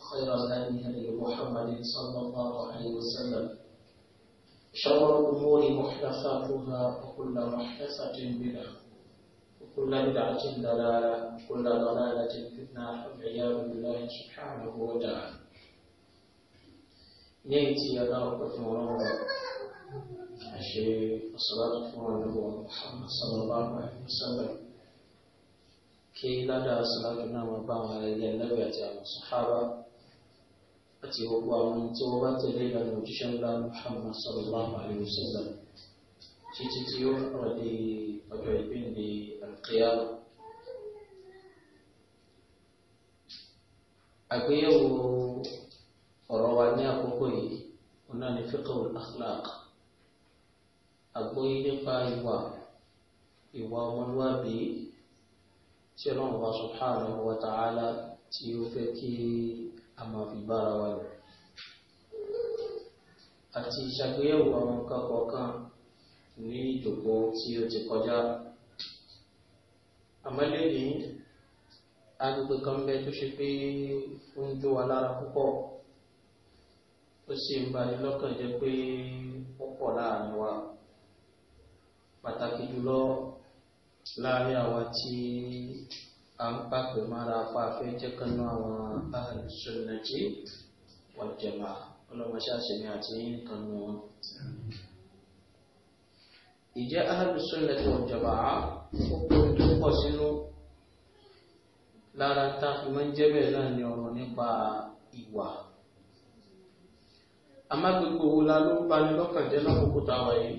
وخير الهدي هدي محمد صلى الله عليه وسلم شر الأمور محدثاتها وكل محدثة بدعة وكل بدعة دلاله وكل ضلالة في النار والعياذ بالله سبحانه وتعالى نيتي يا دار الشيء الصلاة والسلام محمد صلى الله عليه وسلم kí ládàá sọlájú náà máa bá النبي صلى الله عليه وسلم àti gbogbo àwọn tí wọ́n bá tẹ̀lé ìlànà òjíṣẹ́ ńlá Muhammad sallallahu alayhi wa sallam títí tí ó fún ọdẹ ọjọ́ ìpínlẹ̀ alqiyama. àgbéyẹ̀wò ọ̀rọ̀ wa ní àkókò yìí ọ̀nà ní fiqhul akhlaq àgbóyé nípa ìwà ìwà ọmọlúwàbí tí ọlọ́run wa subhanahu wa ta'ala tí ó fẹ́ kí a máa fi bára wa lò àti ìṣàgbéyẹ̀wò àwọn nǹkan kọ̀ọ̀kan ní ìjòkó tí ó ti kọjá àmọ́ lónìí agbègbè kan bẹ tó ṣe pé ó ń jó wa lára púpọ̀ ó sì ń bani lọ́kàn jẹ́ pé ó pọ̀ láàrin wa pàtàkì jùlọ láàrin àwa tí à ń pàpẹ mára apá àwọn Ahlus-Sunnah wal Jama'ah ọlọmọṣáṣẹ ni àti yín kanú wọn. ìjẹ́ Ahlus-Sunnah wal Jama'ah ó kún tó pọ̀ sínú lára tá a fi máa ń jẹ́ bẹ́ẹ̀ náà ni ọ̀rọ̀ nípa ìwà amágbègbè owó la ló ń bani lọ́kàn jẹ́ lọ́kòókò táwa yìí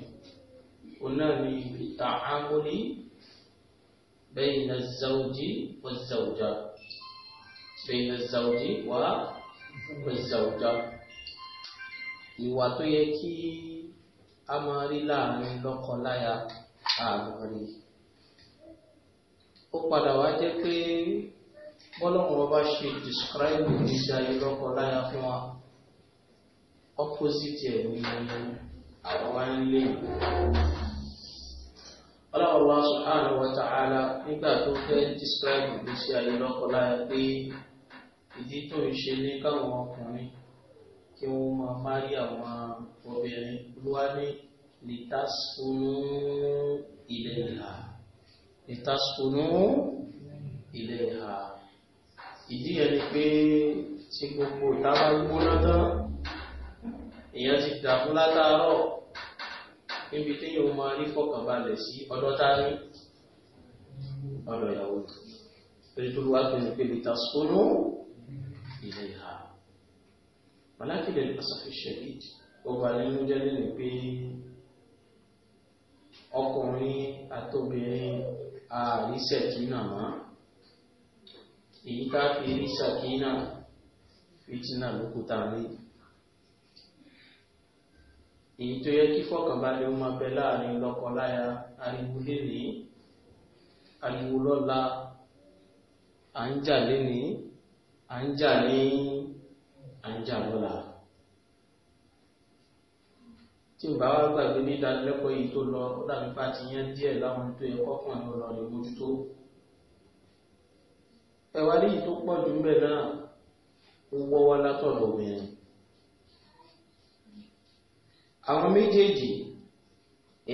òun náà ni ìtàhámúlì بين الزوج والزوجة بين الزوج والزوجة ìwà tó yẹ kí a máa rí láàrin lọ́kọ-láya àmọ́ rí ó padà wá jẹ́ pé bọ́lọ́mù ọba ṣe describe ìgbésí ayé lọ́kọ-láya fún wa opposite ẹ̀ ní àwọn wá ń lé ìgbà ọlọ́wọ́ subhanahu wa ta'ala nígbà tó fẹ́ describe ìgbésí ayé lọ́kọláya pé ìdí tó ń ṣe ní káwọn ọkùnrin kí wọ́n máa márí àwọn obìnrin olúwa ní litaskunu ilayha litaskunu ilayha ìdí ẹni pé tí gbogbo ìta gbóná tán èèyàn ti dàbú látàárọ̀ níbi tí yóò máa rí fọkànbalẹ̀ sí ọ̀dọ̀ tá a rí ọ̀dọ̀ ìyàwó torí tó wá pé nípe lè ta sónú ilé ìhà màlákìlẹ̀ asàfihàn ìdí ọba nínú jẹ́ nínú pé ọkùnrin àtòbìnrin àríṣẹ̀ kí náà máa èyí ká fi rí ṣàkínà fìtínà lókúta méjì èyí tó yẹ kí fọkànbalẹ̀ ó máa bẹ láàrin lọ́kọláya ariwo lénìí ariwo lọ́la à ń jà lénìí à ń jà ní à ń jà lọ́la tí ò bá wá gbàgbé ní ìdánilẹ́kọ̀ọ́ yìí tó lọ ó dàbí bá ti yán díẹ̀ láwọn tó yẹ kọ́kàn ní ọlọ́rin mójútó ẹwà léyìí tó pọ̀ jù ń bẹ̀ náà ó wọ́wọ́ látọ̀dọ̀ obìnrin àwọn méjèèjì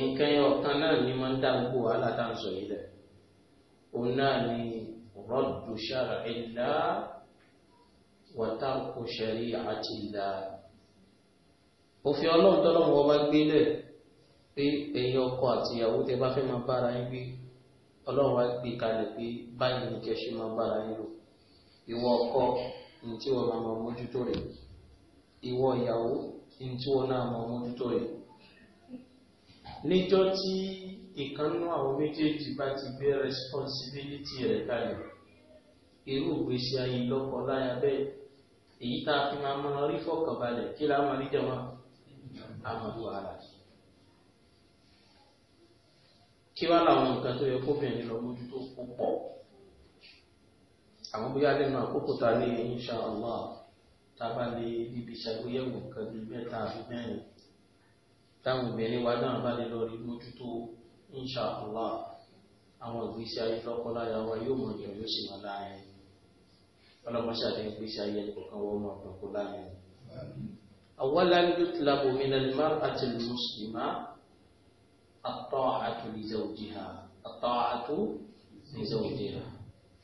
nǹkan yẹn ọ̀kan náà ni máa ń dá gbogbo wàhálà tá à ń sọ yìí lẹ̀ òun náà ni rọ́dù ṣàràìlá wàtàkù ṣẹ̀rí àtìlá òfin ọlọ́run tọ́lọ́run ọba gbélẹ̀ pé ẹ̀yin ọkọ àtìyàwó tẹ bá fẹ́ máa bára yín gbé ọlọ́run wá gbé kalẹ̀ pé báyìí ní kẹ́ṣe máa bára yín lò ìwọ ọkọ ní tí wọ́n máa mójútó rẹ̀ ìwọ ìyàwó ní tí wọ́n náà mọ mójútó yìí níjọ́ tí ìkànnú àwọn méjèèjì bá ti gbé responsibility rẹ̀ kalẹ̀ irú ìgbésí ayé lọ́kọ láya bẹ́ẹ̀ èyí tá a fi máa mọ rí fọkànbalẹ̀ kí la máa rí jẹmọ àmàlú ara kí wá làwọn nǹkan tó yẹ kóbìnrin lọ mójútó púpọ̀ àwọn bóyá lẹ́nu àkókò ta ní insha tába lè níbi ìṣàgbéyẹ̀wò nǹkan bíi mẹ́ta àbí mẹ́rin táwọn obìnrin wa náà bá lè lọ rí mójútó insha Allah àwọn ìgbésí ayé lọ́kọ́láya wa yóò mọ̀ jẹ́ sì máa láàyè ọlọ́mọṣàdé ìgbésí ayé kọ̀ọ̀kan wọ́n mọ̀ ọ̀dọ́kọ́ láàyè. أولا يطلب من المرأة المسلمة الطاعة لزوجها الطاعة لزوجها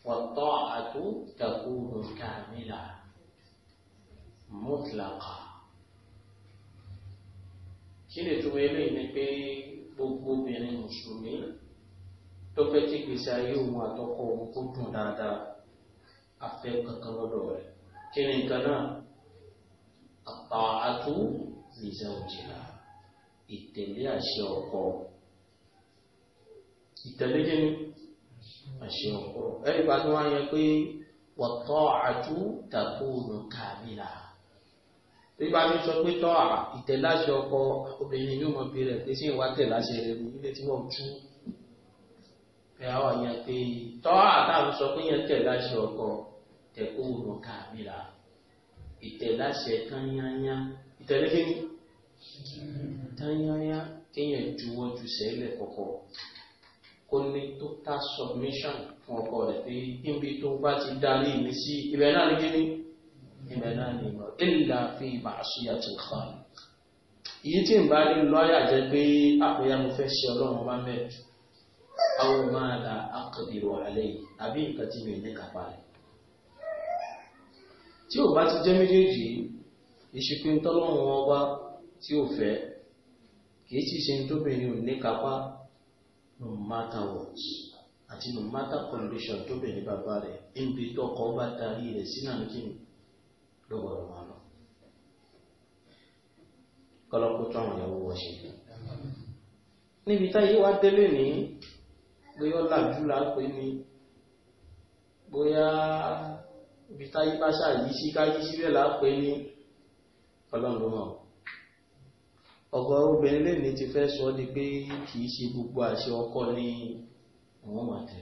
والطاعة تكون كاملة mutlaqa kí lè tó eléyìí ni pé gbogbo obìnrin mùsùlùmí tó fẹ́ tí gbèsè ayé òun àtọkọ òun kó dùn dáadáa afẹ́ kankan lọ́dọ̀ rẹ̀ kí ni nǹkan náà àpàtú nìjà òjìlá ìtẹ̀lé àṣẹ ọkọ ìtẹ̀lé kí ni àṣẹ ọkọ ẹ̀rí bá tí wọ́n á yẹ pé wọ́tọ́ àtú tí bá mi sọ pé tọ́ à ìtẹ̀láṣẹ ọkọ obìnrin ní ọmọ bíi rẹ̀ pé sí ìwà tẹ̀láṣẹ rẹ̀ mú ilé tí wọ́n tú ẹ̀ ọ́ yẹn pé tọ́ àtàwọn sọ pé yẹn tẹ̀láṣẹ ọkọ tẹ̀kọ́ òun kà mí la ìtẹ̀láṣẹ tányányá ìtẹ̀lé kí ni tányányá kéèyàn juwọ́ ju sẹ́lẹ̀ kọ̀kọ́ kó ní total submission fún ọkọ rẹ̀ pé níbi tó bá ti darí mi sí ibẹ̀ náà ní kí ni ibẹ̀ náà ni ìmọ̀ ìlà fi ma'siyati al-khaliq èyí tí n bá rí lọ́ọ̀yà jẹ́ pé àpòyá mo fẹ́ ṣe ọlọ́run bá mẹ́rin àwọn máa la aqdiru alayhi àbí nǹkan tí mi ní kápá rẹ̀ tí ò bá ti jẹ́ méjèèjì ìṣùpin tọ́lọ́run ọba tí ò fẹ́ kì í sì ṣe tóbìnrin ò ní kápá no matter what àti no matter condition tóbìnrin bàbá rẹ̀ níbi tọkọ bá darí rẹ̀ sínú àlùkìmí lọ́wọ́ ọmọ náà kọ́lọ́kú tó àwọn ìyàwó wọ́n ṣe níbi táyé wá délé ní bóyá ọ̀làjú là ń pè ní bóyá ibi táyé bá ṣàyí sí káyí sílẹ̀ là ń pè ní ọlọ́run náà ọ̀gọ̀rọ̀ obìnrin lè ní ti fẹ́ sọ di pé kì í ṣe gbogbo àṣẹ ọkọ ní àwọn màtẹ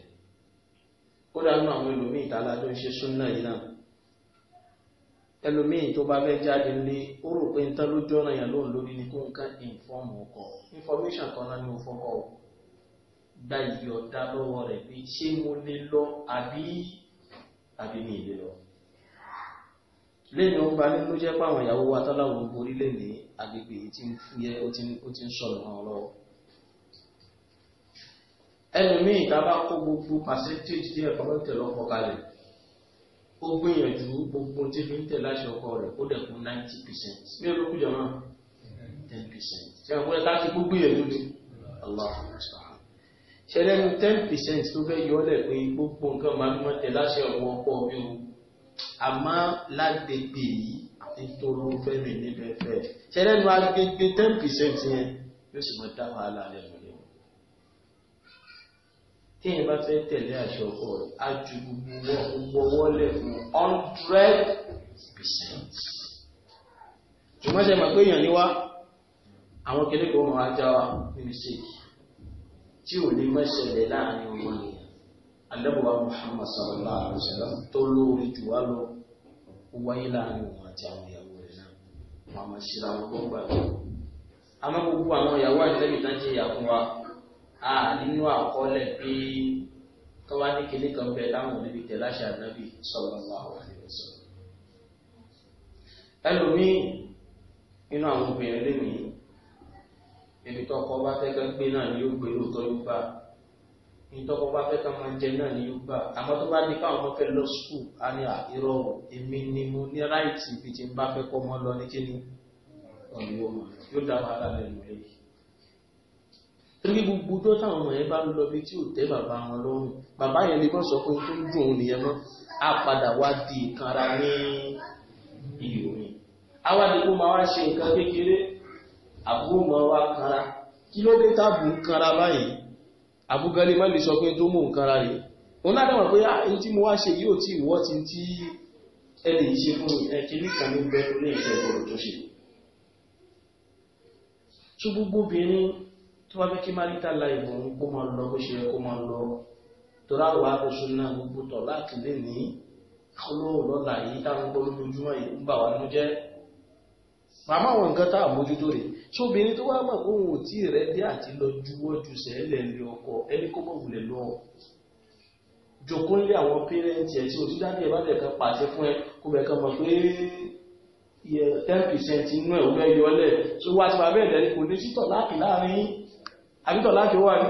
kódà nínú àwọn ẹlòmíì ìtàlájọ ń ṣe súnà yìí náà ẹlòmíì tó bá fẹ́ jáde lé ó rò pé nǹkan lójú ọ̀ràn yẹn lóun lórí ni kó nǹkan ìfọ́ọ̀mù ọkọ̀ information kan náà ni mo fọ́kọ̀ gba ìyọ̀dá lọ́wọ́ rẹ̀ pé ṣé mo lè lọ àbí àbí mi lè lọ. lẹ́yìn ó ba nínú jẹ́ pé àwọn ìyàwó wa tọ́láwọ̀ gbogbo orílẹ̀ agbègbè tí ń fúyẹ́ ó ti ń sọ̀rọ̀ wọn lọ́wọ́. ẹlòmíì tá bá kó gbogbo percentage díẹ̀ kọ́ lọ́tẹ̀ lọ́kọ̀ kalẹ̀ ó gbìyànjú gbogbo tí fi ń tẹ̀ láṣẹ ọkọ rẹ̀ ó dẹ̀kun ninety percent ní olókùn jọ náà ten percent ṣe àwọn ẹ̀ka ti gbogbo ìyẹ̀dú ni aláàfin ṣáà ṣe lẹ́nu ten percent tó fẹ́ yọ ọ́lẹ̀ pé gbogbo nǹkan máa ń mọ́ tẹ̀ láṣẹ ọwọ́ ọkọ mi o àmọ́ lágbègbè yìí nítorí ó fẹ́ níbẹ̀ fẹ́ ṣe lẹ́nu agbègbè ten percent yẹn yóò sì mọ dá wàhálà lẹ́nu téèyàn bá fẹ́ tẹ̀lé àṣọ ọkọ rẹ̀ á ju gbogbo wọlé fún hundred percent. ṣùgbọ́n ṣe mọ̀ pé èèyàn ní wá àwọn kìnìún kan máa já wa ní mistake tí ò ní mẹ́sẹ̀lẹ̀ láàrin ọmọ ènìyàn alẹ́bùwá Muhammad sallallahu alaihi wasallam tó lóore jù wá lọ wáyé láàrin òun àti àwọn ìyàwó rẹ̀ náà wọn a máa ṣe ra wọn gbọ́ngbà lọ. àmọ́ gbogbo àwọn ìyàwó àti lẹ́yìn náà jẹ́ ìyàwó wa a ah, nínú àkọọ́lẹ̀ pé tọ́wá ní kinní kan bẹ táwọn olóbi tẹ̀ láṣà nábì sallallahu alaihi wasallam. ẹlòmíì nínú àwọn obìnrin lónìí ẹni tọkọ bá fẹ́ kán gbé náà ni yóò gbé lóòótọ́ yóò gbà ní tọkọ bá fẹ́ kán máa jẹ náà ni yóò gbà àmọ́ tó bá ní káwọn ọmọ fẹ́ lọ skul á ní àìrọ̀ èmi ni mo ní ráìtì ibi tí n bá fẹ́ kọ́ mọ́ lọ ní kíni ọ̀nìyàn yóò dá wàhálà lẹ́nu lẹ́yìn torí gbogbo ọjọ́ táwọn ọmọ yẹn bá ń lọ bí tí ò tẹ́ bàbá wọn lọ́rùn bàbá yẹn lè mọ̀ sọ pé tó ń dùn òun nìyẹn mọ́ á padà wá di ìkanra ní ìròyìn awádìí kó máa wá ṣe nǹkan kékeré àbúrò máa wá kanra kí ló dé táàbù ń kanra báyìí àbúgalé má lè sọ pé tó mú nkanra rẹ̀ òun náà dáwọn pé ẹni ah, tí mo wá ṣe yóò tí ìwọ́ ti tí ẹni ìṣe fún ẹkìní kan ní bẹ́ẹ̀ ní ìṣẹ́gbọ̀rọ̀ tó ṣe tó bá fẹ́ kí marital life òun kó máa lọ bó ṣe yẹ kó máa lọ torí àwọn àkóso náà gbogbo tọ̀ láti lè ní olóòrùn lọ́la yìí táwọn gbọ́ lójoojúmọ́ yìí ń bà wá nínú jẹ́ màmá àwọn nǹkan tá àmójútó rẹ̀ tí obìnrin tó wá mọ̀ pé òun ò tí rẹ̀ dé àti lọ juwọ́ ju sẹ́lẹ̀ lé ọkọ ẹni kó mọ̀ wùlẹ̀ lọ jòkó lé àwọn pérẹ́ǹtì ẹ̀ tí òtí dáadé bá dẹ̀ kan pàṣẹ fún ẹ kó bẹ̀ kan mọ̀ pé ten percent inú ẹ̀ òun ẹ̀ yọlẹ̀ tó wá ti bàbá ẹ̀ lẹ́ni kò lè sítọ̀ láàkì láàrin àbítọ̀ láti wà ní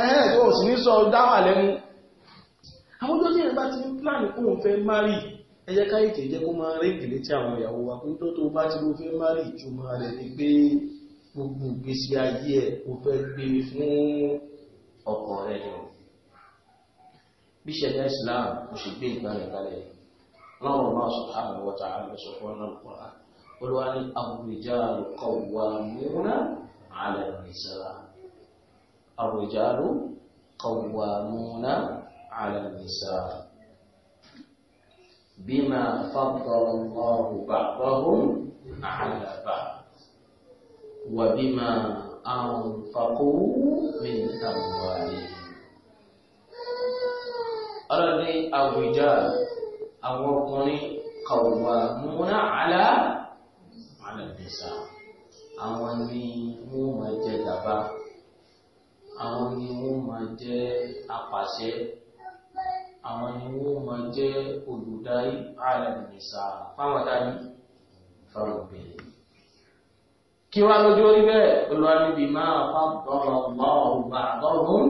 ẹ̀hẹ́ tó sì ní sọ dáwà lẹ́nu àwọn ọjọ́ tí ẹ̀rẹ́ bá ti ní pláàni kó ń fẹ́ márì ẹjẹ́ káyìtì jẹ́ kó máa rí ìpìlẹ̀ tí àwọn ìyàwó wa pín tó tó bá ti ló fẹ́ márì ìtumọ̀ rẹ̀ ni pé gbogbo ìgbésí ayé ẹ̀ kò fẹ́ gbé e fún ọkọ rẹ̀ ni bí ṣẹ̀dá Islam kò sì gbé ìgbàlẹ̀ kalẹ̀ lọ́rọ̀ máa sọ káàmì wọ́ta àmì sọ fún ọ̀nà al olúwa ní àwùjá kọ̀wà mìíràn àlẹ́ ìṣẹ́ra àrùjálù qawwamuna 'ala an-nisaa bima faddala Allahu ba'dahum 'ala ba'd wa bima anfaqu min amwalihim ọlọ́dẹ àrùjálù àwọn ọkùnrin qawwamuna 'ala an-nisaa àwọn ni àwọn ni wọ́n máa jẹ́ apàṣẹ àwọn ni wọ́n máa jẹ́ olùdarí alàmìsà fáwọn dání fáwọn obìnrin kí wá lójú orí bẹ́ẹ̀ olùwàlúbí máa fà bọ́ọ̀rọ̀ bọ́ọ̀rọ̀ bá bọ́ọ̀rọ̀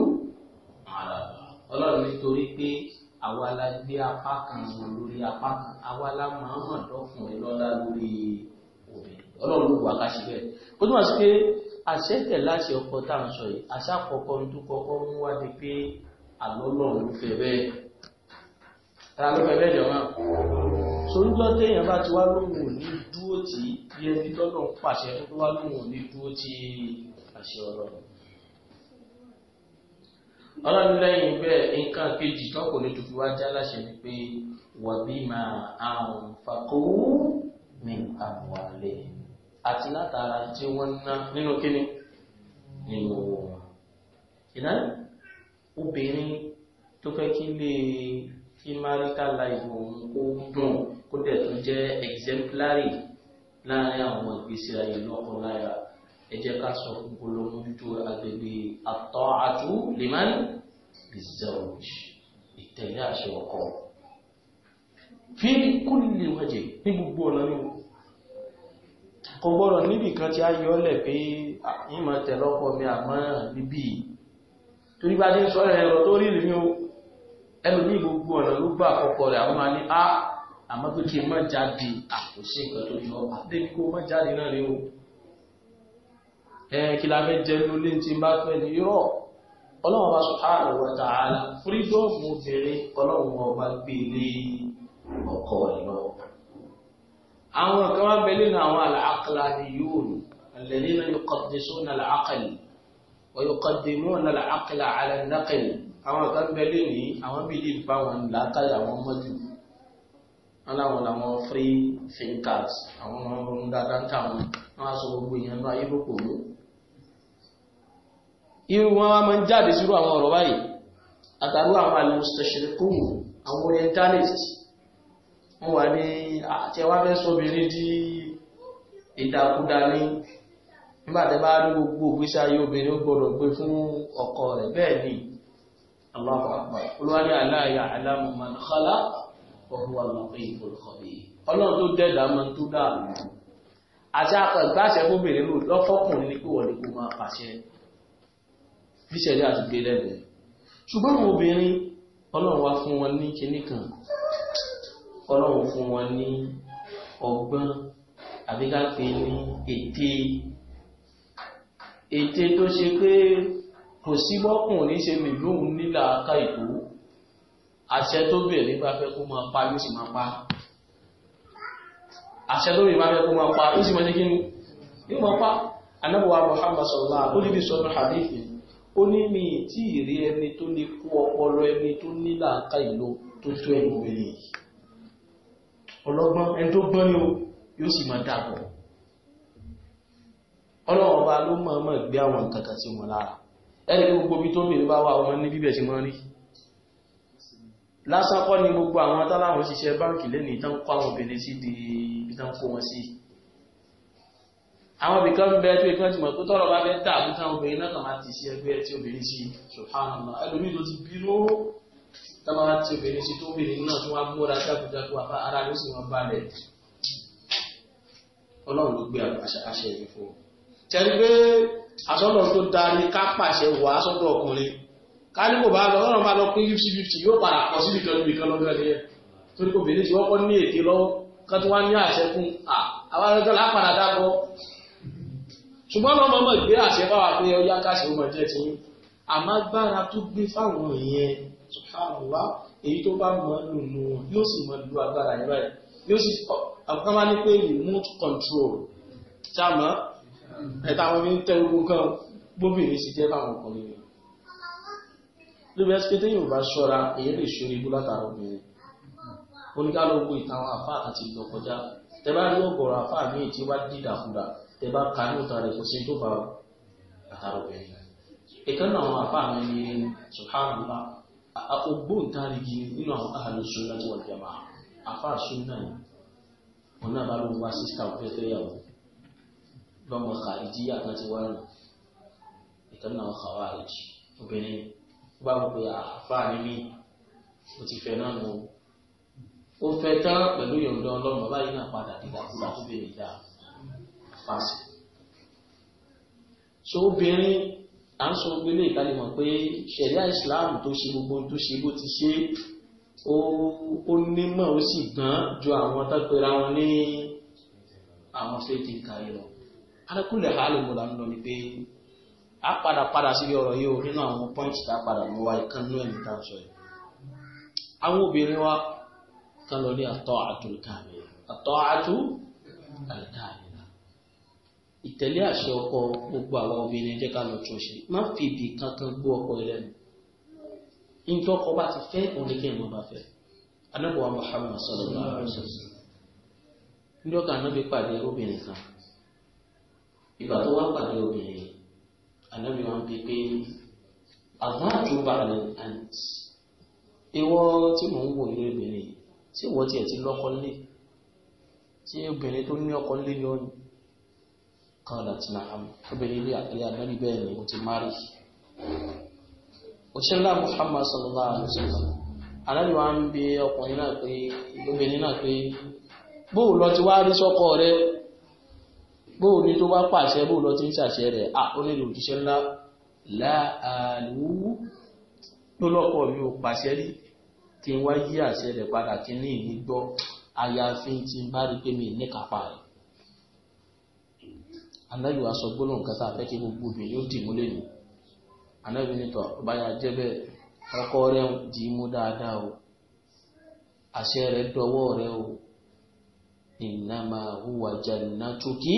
ọlọ́run nítorí pé àwa la gbé apá kan wọn lórí apá kan àwa la máa hàn dọ́fun ẹ lọ́lá lórí obìnrin ọlọ́run ló wà ká ṣe bẹ́ẹ̀ ó túmọ̀ sí pé àṣẹ́tẹ̀ láṣẹ ọkọ̀ tá à ń sọ yìí àṣàkọ́kọ́ tó kọ́kọ́ mú wá di pé àlọ́lọ́run fẹ́ bẹ́ẹ̀ ta ló fẹ́ bẹ́ẹ̀ jọ̀wọ́n sóńjọ́ téèyàn bá ti wá lóhùn òní dúró tí yẹ ní tọ́lọ̀ ń pàṣẹ tó wá lóhùn òní dúró tí àṣẹ ọ̀rọ̀ ọlọ́run lẹ́yìn bẹ́ẹ̀ nǹkan kejì tọkùnrin tó fi wá já láṣẹ ni pé wàbí máa àwọn fàkówó min àmọ́ àti látara tí wọ́n ná nínú kíní nínú owó wọn ìdáná obìnrin tó fẹ́ kí lè kí marital life òun kó dùn kó dẹ̀ tó jẹ́ exemplary láàrin àwọn ìgbésí ayé lọ́kọ láya ẹ jẹ́ ká sọ gbólómójútó agbègbè àtọ́ àtú lèmánì bizarre ìtẹ̀lé àṣẹ ọkọ fi kúlìlì wájẹ ní gbogbo ọ̀nà ní kò gbọ́rọ̀ níbi kan tí a yọ́lẹ̀ pé ìmọ̀ tẹ̀lọ́pọ̀ mi àmọ́ níbi torí bá dé ń sọ ẹ̀rọ tó rí rí o ẹnu ní gbogbo ọ̀nà ló gbà àkọ́kọ́ rẹ̀ àwọn máa ní a àmọ́ pé kí n má jáde àkóṣe nǹkan tó yọ àdébí kó má jáde náà rí o ẹ kí la fẹ́ jẹ́ lólé tí n bá fẹ́ ní yọ ọlọ́run bá subhanahu wa ta'ala fúrídọ́ọ̀mù obìnrin ọlọ́run ọba gbé ọkọ rẹ̀ àwọn kan wọ́n bẹ̀lẹ̀ ní àwọn al-aqlaniyun alladhina yuqaddisuna al-aql wa yuqaddimuna al-aqla ala an-naql àwọn kan bẹ̀lẹ̀ ní àwọn bìlì bá wọn látàrí àwọn mọ́jú aláwọn làwọn free thinkers àwọn ọmọ ọmọ dáadáa ń tàwọn wọn á sọ gbogbo ìyẹn náà ayé ló ló irú wọn máa ń jáde sírú àwọn ọ̀rọ̀ báyìí àtàrú àwọn al-mustashriqun àwọn orientalist mo wà ní àti ẹwà fẹ́ sóbìnrin di ìdàkúdà ní nígbàtẹ́ bá rí gbogbo ògbésí ayé obìnrin ó gbọdọ̀ gbé fún ọkọ rẹ̀ bẹ́ẹ̀ ni Allahu Akbar olúwarí aláàyà alamu man khalaq wa huwa al-latiful khabir ọlọ́run tó dẹ́dà máa ń tó dáàbò àti àgbàṣẹ fóbìnrin lò lọ́fọ́kùnrin ní pé wọ́n ní kó máa pàṣẹ fíṣẹ̀lẹ̀ àti gbé lẹ́bẹ̀ẹ́ ṣùgbọ́n obìnrin ọlọ́run wá fún wọn ní kinní kan kọ́lọ́hún fún wọn ní ọgbọ́n àbí ká pè ní ète ète tó ṣe pé kò sí bọ́kùn ní ṣe mìlúùn nílà ká ìlú àṣẹ tó bẹ̀rẹ̀ nígbà fẹ́ kó máa pa yóò sì máa pa àṣẹ tó bẹ̀rẹ̀ fẹ́ kó máa pa yóò sì máa ṣe kí ni yóò máa pa anábọ̀wá Muhammad sọ̀rọ̀ ó sọ̀rọ̀ hadithi ó ní mi tí ì rí ẹni tó lè kó ọpọlọ ẹni tó nílà ká ìlú tó tó ẹnu wẹ̀lẹ̀ yìí ọlọ́gbọ́n ẹni tó gbọ́n ní o yóò sì máa dàpọ̀ ọlọ́run ọba ló máa máa gbé àwọn nǹkan kan sí wọn lára ẹni pé gbogbo ibi tó bèèrè bá wà ọmọ ní bíbẹ̀ sí máa rí lásán kọ́ ni gbogbo àwọn atáláwọn ṣiṣẹ́ báńkì lẹ́nu ìtàn kó àwọn obìnrin sí di ibi tán kó wọn sí àwọn ibìkan bẹ tó ikán ti mọ̀ pé tọ́rọ̀ bá fẹ́ tà àbútá obìnrin náà kàn máa ti ṣe ẹgbẹ́ tí obìnrin sí subhanallah ẹlòmíì ló ti bínú tọ́ba ti obìnrin sí tó obìnrin náà tó wá múra jákujáku àbá ara ló sì wọ́n balẹ̀ ọlọ́run ló gbé àṣẹ yìí fún un. tẹ́lí pé asọ́dọ̀ tó da ni ká pàṣẹ wà asọ́dọ̀ ọkùnrin ká ní kò bá lọ ọlọ́run bá lọ pín fifty fifty yóò padà pọ̀ síbi kan níbi kan lọ́dọ̀ ẹ̀yẹ torí kò bèrè tí wọ́n kọ́ ní ète lọ́wọ́ kan tó wá ní àṣẹ fún àwọn ọlọ́dọ̀ lápàdà dábọ̀ ṣùgbọ́n lọ́mọ mọ̀ ìgbé àṣẹ báwa pé ọyá subhanallah èyí tó bá mọ̀ lò nù wọn yóò sì mọ̀ lu agbára yẹn báyìí yóò sì àwọn máa ní pé remote control sáàmà ẹ̀ta àwọn omi ń tẹ ogun kan gbóbìnrin sì jẹ́ fáwọn ọkùnrin rẹ̀ lóbi ẹ́sìpé tẹ́yìn ò bá ṣọ́ra èyí lè ṣorí ibú látara obìnrin oníkálukú ìtàwọn àfáà àti ìlọ kọjá tẹ bá rí ọ̀gọ̀rọ̀ àfáà míì tí wá dídàkudà tẹ bá ka ní òtà rẹ̀ kò sí tó bá látara obìnrin ìkànnì àwọn àfáà mi ní subhanallah ògbóǹtarigi nínú àwọn ahàlù sunna tí wọ́n jẹma afá sunna ni wọn náà bá ló wá sísá òfẹ́fẹ́ yàwó bọ́mọ kàríjí àti àti wá nù ìtàn náà kàwá àríjì obìnrin bá wọ pé afá ah, ni mí o ti fẹ́ náà nù ó fẹ́ tán pẹ̀lú yọ̀ǹda ọlọ́run bàbá yìí náà padà dìgbà tó bá tó bèèrè dáa fásitì so obìnrin à ń sọ gbélé ìkàlẹ̀ mọ̀ pé ṣẹ̀ríà Islam tó ṣe gbogbo tó ṣe bó ti ṣe ó nímọ̀ ó sì gbọ́n ju àwọn tọ́pẹ̀rẹ̀ wọn ní àwọn fẹ́ẹ̀kì kárí lọ. alákùnlé hàlù mọ̀lá ń lọ ni pé a padà padà síbi ọ̀rọ̀ yìí ò nínú àwọn pọ́ǹtì tá a padà mọ́ wa ìkànnú ẹ̀mí tá a sọ yìí. àwọn obìnrin wa kan lọ ní àtọ́ àtúnkàmì àtọ́ àtúnkàmì ìtẹ̀lé àṣẹ ọkọ gbogbo àwa obìnrin jẹ́ ká lọ tún ṣe má fi ibì kankan gbó ọkọ ẹlẹ́nu nítorí ọkọ bá ti fẹ́ òun ní kí ẹ̀mọ́ bá fẹ́ anábọ̀wá Muhammad sallallahu alaihi wasallam nítorí ọkọ anábì pàdé obìnrin kan ìgbà tó wá pàdé obìnrin anábì wọn bí pé àwọn àjùbà rẹ àǹtí ìwọ tí mò ń wò ní obìnrin tí ìwọ tiẹ̀ ti lọ́kọ lé tí obìnrin tó ní ọkọ lé ni قالت نعم obìnrin ilé àpẹẹrẹ ànábì bẹ́ẹ̀ ni ó ti márì òṣèlú Muhammad sallallahu alaihi wasallam ànábì wa ń bi ọkùnrin náà pé obìnrin náà pé bóò lọ ti wá rí sọ́kọ rẹ bóò ní tó bá pàṣẹ bóò lọ ti ń ṣàṣẹ rẹ à ó nílò òjíṣẹ́ ńlá láàlú ló lọ́kọ̀ mi ò pàṣẹ rí kí n wá yí àṣẹ rẹ padà kí ní ìní gbọ́ àyàfi tí n bá rí pé mi ní kápá rẹ̀ anábì wa sọ gbólóhùn kan tá a fẹ́ kí gbogbo obìnrin ó dì mú lẹ́nu anábì nítọ̀ báyà jẹ́ bẹ́ẹ̀ ọkọ rẹ ń dì í mú dáadáa o àṣẹ rẹ dọwọ́ rẹ o ìnáma huwa jannatuki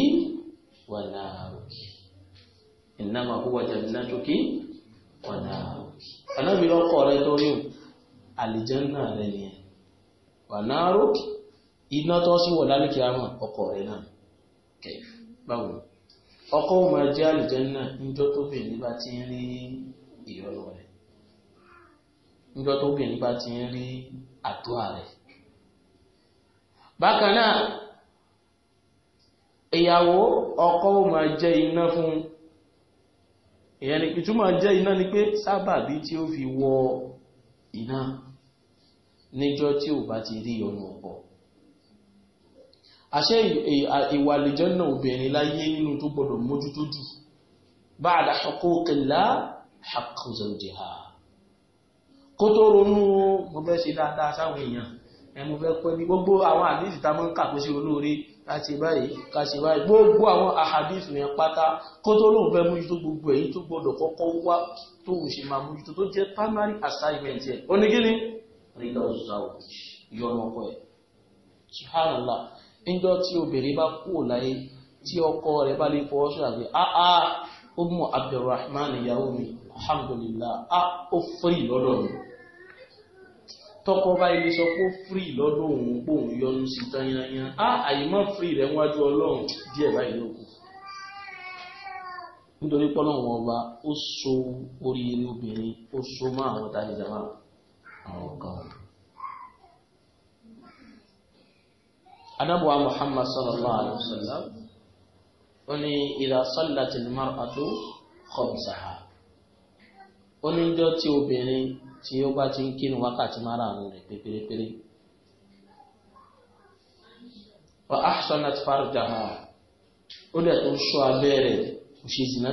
wà náàrùkì ìnáma huwa jannatuki wà náàrùkì anábì ọkọ rẹ tó ní àlìjánná rẹ nìyẹn wà náàrùkì iná tó sì wọ̀ lálẹ́ kìí àmọ́ ọkọ rẹ náà kẹfì báwo ọkọ wọn máa jẹ́ àlùjànnà níjọ́ tóbìnrin bá ti ń rí ìyọnu rẹ̀ níjọ́ tóbìnrin bá ti ń rí àdúrà rẹ̀ bákan náà ìyàwó ọkọ wọn máa jẹ́ iná fún ìyẹn ìtumọ̀ jẹ́ iná ni pé sábàbí tí ó fi wọ iná níjọ́ tí ò bá ti rí ìyọnu ọ̀pọ̀ àṣẹ ìwà àlùjànnà obìnrin láyé nínú tó gbọdọ̀ mójútó jù ba'da huquqillah haqqu zawjiha kó tó ronú mo fẹ́ ṣe dáadáa sáwọn èèyàn ẹ mo fẹ́ pẹ́ ní gbogbo àwọn àdísì tá a ń kàkó sí olóore láti báyìí ká báyìí gbogbo àwọn àhàdísì yẹn pátá kó tó lóun fẹ́ mójútó gbogbo èyí tó gbọdọ̀ kọ́kọ́ wá tóun ṣe máa mójútó tó jẹ́ primary assignment yẹn onígínní rí lọ́ọ́ zàwọ̀ yọ̀ọ̀nà ẹ̀ subhanallah níjọ́ tí obìnrin bá kúrò láyé tí ọkọ rẹ̀ bá lè fọwọ́ sọ̀rọ̀ àgbẹ̀ áá ah, Ummu ah, Abdurrahman ìyàwó mi alhamdulillah á ah, ó fírì lọ́dọ̀ mi tọkọ bá ilé sọ pé ó fírì lọ́dọ̀ òun pé òun yọnu sí tanyanya á àyèmọ́ fírì rẹ̀ wájú Ọlọ́run díẹ̀ báyìí ló kù nítorí pọ́lọ́wọ́n ọba ó so oríire obìnrin ó so mọ́ àwọn tàbí jama anabuwa muhammad sallallahu alaihi wasallam ó ní idha sallatil mar'atu khamsaha ó ní jọ́ tí obìnrin tí ó bá ti ń kírun wákàtí márààrún rẹ̀ pérépéré wa ahsanat farjaha ó dẹ̀ tó ń ṣọ́ abẹ́ rẹ̀ kò ṣe zìnà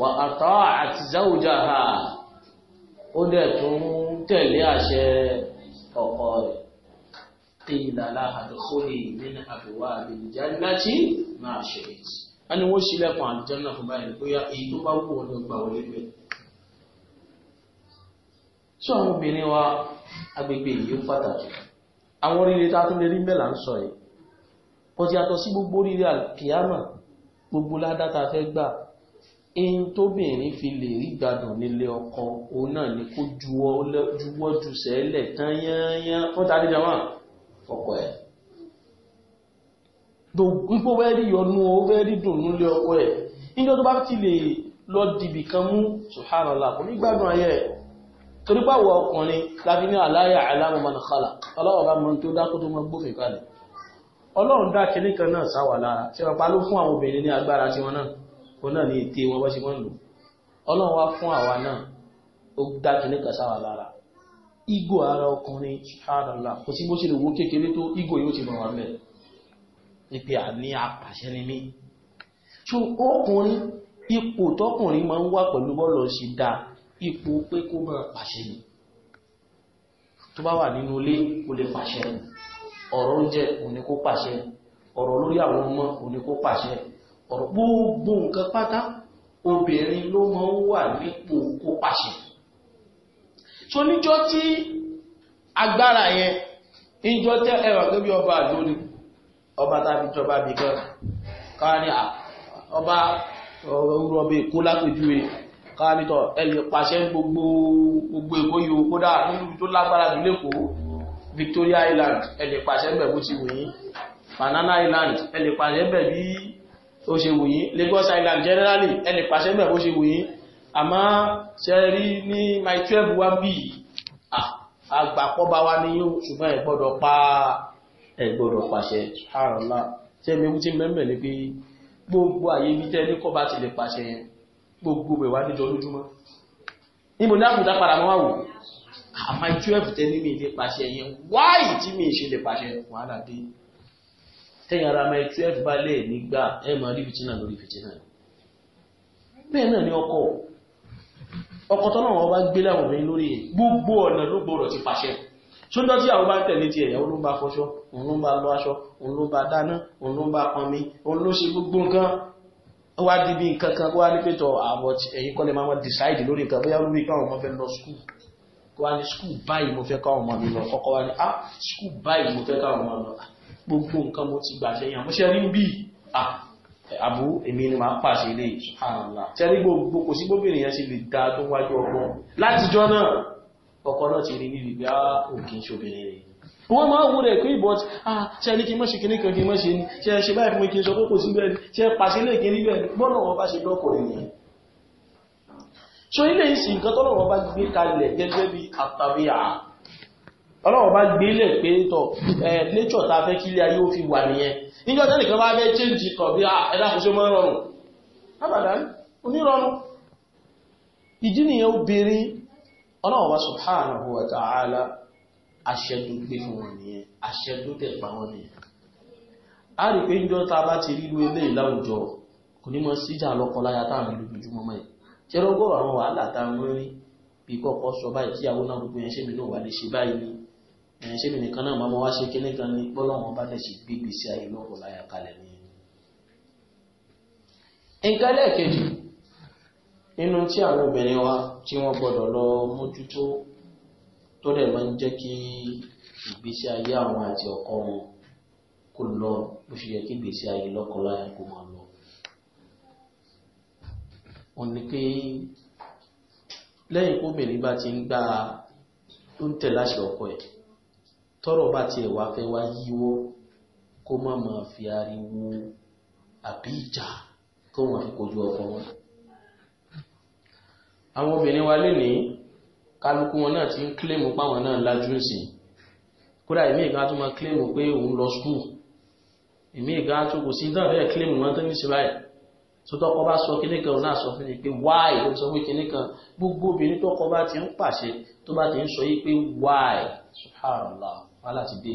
wa ata'at zawjaha ó dẹ̀ tó ń tẹ̀lé ọkọ rẹ̀ qila laha dukhuli min abwabil jannati ma sha'it a ní wọ́n ṣílẹ̀kùn àlùjánnà fún báyìí bóyá èyí tó bá wù ọ́ ní ọgbà wọlé bẹ́ẹ̀ sọ àwọn obìnrin wa agbègbè yìí ó pàtàkì àwọn oríire tá a tún lè rí mẹ́là ń sọ yìí wọ́n ti yàtọ̀ sí gbogbo oríire àkíyàmà gbogbo ládàtà fẹ́ gbà ẹni tóbìnrin fi lè rí gbádùn nílé ọkọ òun náà ni kó juwọ́ ju sẹ́lẹ̀ tán yányán fún tàbí jàmáà ọkọ ẹ̀ gbogbo fẹ́ rí yọnu ó fẹ́ rí dùnú lé ọkọ ẹ̀ níjọ́ tó bá ti lè lọ dìbì kan mú subhanallah kò ní gbádùn ayé ẹ̀ torí báwo ọkùnrin láti ní aláyà aláwọ̀ man khalaq ọlọ́wọ̀ bá mọ tó dákó tó mọ gbófin kalẹ̀ ọlọ́run dá kìíní kan náà sáwà lára tí wọ́n pa ló fún àwọn obìnrin ní agbára tí wọ́n náà wọ́n náà ní ète wọn bá ṣe wọ́n lò ọlọ́run wá fún àwa náà ó dá kìíní kan sáwà lára ìgò ara ọkùnrin ṣàrànlá kò sí bó ṣe lè wó kékeré tó ìgò yóò ti rọrùn lẹ̀ ìpè àní apàṣẹ ni mí tó ọkùnrin ipò tọkùnrin máa ń wà pẹ̀lú bọ́ọ̀lù ṣe dá ipò pé kó máa pàṣẹ ni tó bá wà nínú ilé kó lè pàṣẹ ọ̀rọ̀ oúnjẹ òní kó pàṣẹ ọ̀rọ̀ lórí àwọn ọmọ òní kó pàṣẹ ọ̀rọ̀ gbogbo nǹkan pátá obìnrin ló máa ń wà nípò kó pàṣẹ tó níjọ́ tí agbára yẹn ìjọ tẹ́ ẹwà tó bí ọba àdóni ọba tàbí jọba bí gan káà ní ọba orú ọba èkó lápèjúwe káà nítọ̀ ẹlẹ pàṣẹ gbogbo gbogbo èkó yìí kódà tó lágbára jù lẹ́kọ̀ọ́ Victoria Island ẹlẹ pàṣẹ bẹ̀ bó ti wòyí Banana Island ẹlẹ pàṣẹ bẹ̀ bí ó ṣe wòyí Lagos Island generally ẹlẹ pàṣẹ bẹ̀ bó ṣe wòyí àmọ́ ṣe rí ní my twelve one b àgbàpọ̀ba wa ni yóò ṣùgbọ́n ẹ gbọ́dọ̀ pa ẹ gbọ́dọ̀ pàṣẹ ṣàrànlá ṣe mi wúti mẹ́mẹ́ ni pé gbogbo àyè ibi tẹ́ ní kọ́ba ti lè pàṣẹ yẹn gbogbo ìwà níjọ lójúmọ́ níbo ní àkùdá padà mọ́ wò àmọ́ twelve tẹ́ ní mi lè pàṣẹ yẹn wáì tí mi ṣe lè pàṣẹ wàhálà dé tẹ́yìn ara my twelve balẹ̀ nígbà ẹ̀ máa rí fìtínà lórí fìtínà bẹ́ẹ̀ náà ni ọkọ̀ ọkọ tọ́nà wọn bá gbé láwọn obìnrin lórí yẹn gbogbo ọ̀nà ló gbọdọ̀ ti pàṣẹ sóńdọ́ tí àwọn bá ń tẹ̀lé tiẹ̀ ìyàwó ló bá fọṣọ òun bá lọ aṣọ òun bá dáná òun bá pọnmi òun ṣe gbogbo nǹkan wá di bí wá ní pẹ̀tọ̀ àwọ̀ ẹ̀yìn kọ́lẹ̀ decide lórí nǹkan bóyá lórí káwọn ọmọ fẹ́ lọ skul kó wá ní skul báyìí mo fẹ́ káwọn ọmọ mi lọ kọ́kọ́ wá ní ah skul báyìí abu èmi ni máa pàṣẹ ilé subhanallah tẹ́lí gbogbo kò sí gbogbo ènìyàn sì lè da tó wájú ọgbọ́n látijọ́ náà ọkọ náà ti rí o ah, ìgbà òkè ṣobìnrin rẹ̀ wọ́n máa wú rẹ̀ pé ìbọn ah ní kí mọ́ ṣe kí ní kan kí mọ́ ṣe ní ṣe ṣe báyìí fún kí n sọ pé kò sí bẹ́ẹ̀ ṣe pàṣẹ lè kí níbẹ̀ bọ́nà wọn bá ṣe lọ́kọ̀ ènìyàn so ilé ìsìn nǹkan tọ́lọ̀ wọn bá gbé kalẹ̀ gẹ́gẹ́ bí àtàbíyà ọlọ́wọ́ bá gbé lẹ̀ pé tọ̀ eh, nature ta fẹ́ kílé ayé ó fi wà nìyẹn níjọ́ tẹ́lẹ̀ kan bá fẹ́ change kọ̀ bí ah, ẹ̀dá kò ṣe mọ́ rọrùn abàdán onírọrùn ìdí nìyẹn obìnrin ọlọ́run wa subhanahu wa ta'ala aṣẹ́dún gbé fún wọn nìyẹn aṣẹ́dún tẹ̀ pa wọn nìyẹn a rí pé níjọ́ ta bá ti rílu ilé ìláwùjọ kò ní mọ síjà lọ́kọláya táwọn ìlú ẹ̀yìn ṣé nìkan náà máa wá ṣe kíní kan ní bọ́lọ́wọ́n bá tẹ̀ sí gbígbì sí ayé lọ́pọ̀ láyà kalẹ̀ ní. nǹkan ẹlẹ́ẹ̀kejì nínú tí àwọn obìnrin wa tí wọ́n gbọ́dọ̀ lọ mójútó tó dẹ̀ máa ń jẹ́ kí ìgbésí ayé àwọn àti ọkọ wọn kò lọ bó ṣe yẹ kí ìgbésí ayé lọ́kọláya kó máa lọ. wọ́n ní pé lẹ́yìn kóbìnrin bá ti ń gbá tó ń tẹ̀ láṣẹ ọkọ ẹ̀ tọ́rọ̀ bá tiẹ̀ wá fẹ́ wá yíwọ́ kó má máa fi ariwo àbí ìjà kó wọn fi kojú ọkọ wọn. àwọn obìnrin wa lénìí kálukú wọn náà ti ń kílèmù páwọn náà lájú ìsìn kódà ìmí ìgbà tó máa kílèmù pé òun lọ skul ìmí ìgbà tó kò sí dáàbẹ̀ kílèmù wọn tó ní sí báyìí tó tọkọ bá sọ kíní kan náà sọ fún mi pé wáì ó sọ pé kíní kan gbogbo obìnrin tọkọ bá ti ń pàṣẹ tó bá ti ń sọ yí pé wáì subhanallah wàhálà ti dé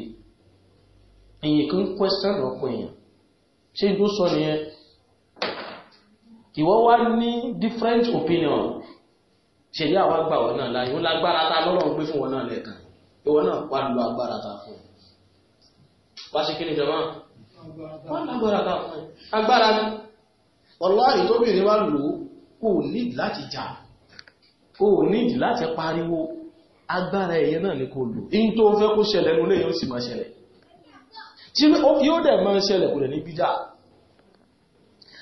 èyàn kan kwẹ́sán ọkọ èèyàn ṣé ló sọ nìyẹn ìwọ wá ní different opinion ṣèlú àwa gbà wọn náà láyé ó lágbára ta lọ́rọ̀ gbé fún wọn náà lẹ́ẹ̀kan ìwọ náà wà lu agbára ta fún un wá sí kí ni jọmọ́ wọ́n lágbára ta fún un agbára ni ọlọ́rin tóbìnrin wá lò ó kò nídìí láti jà kò nídìí láti pariwo agbára ẹ̀yẹ náà ni kò lò in tó fẹ́ kó ṣẹlẹ̀ ní olóyìn ó sì máa ṣẹlẹ̀ tí yóò dẹ̀ máa ṣẹlẹ̀ kò lẹ̀ ní bídá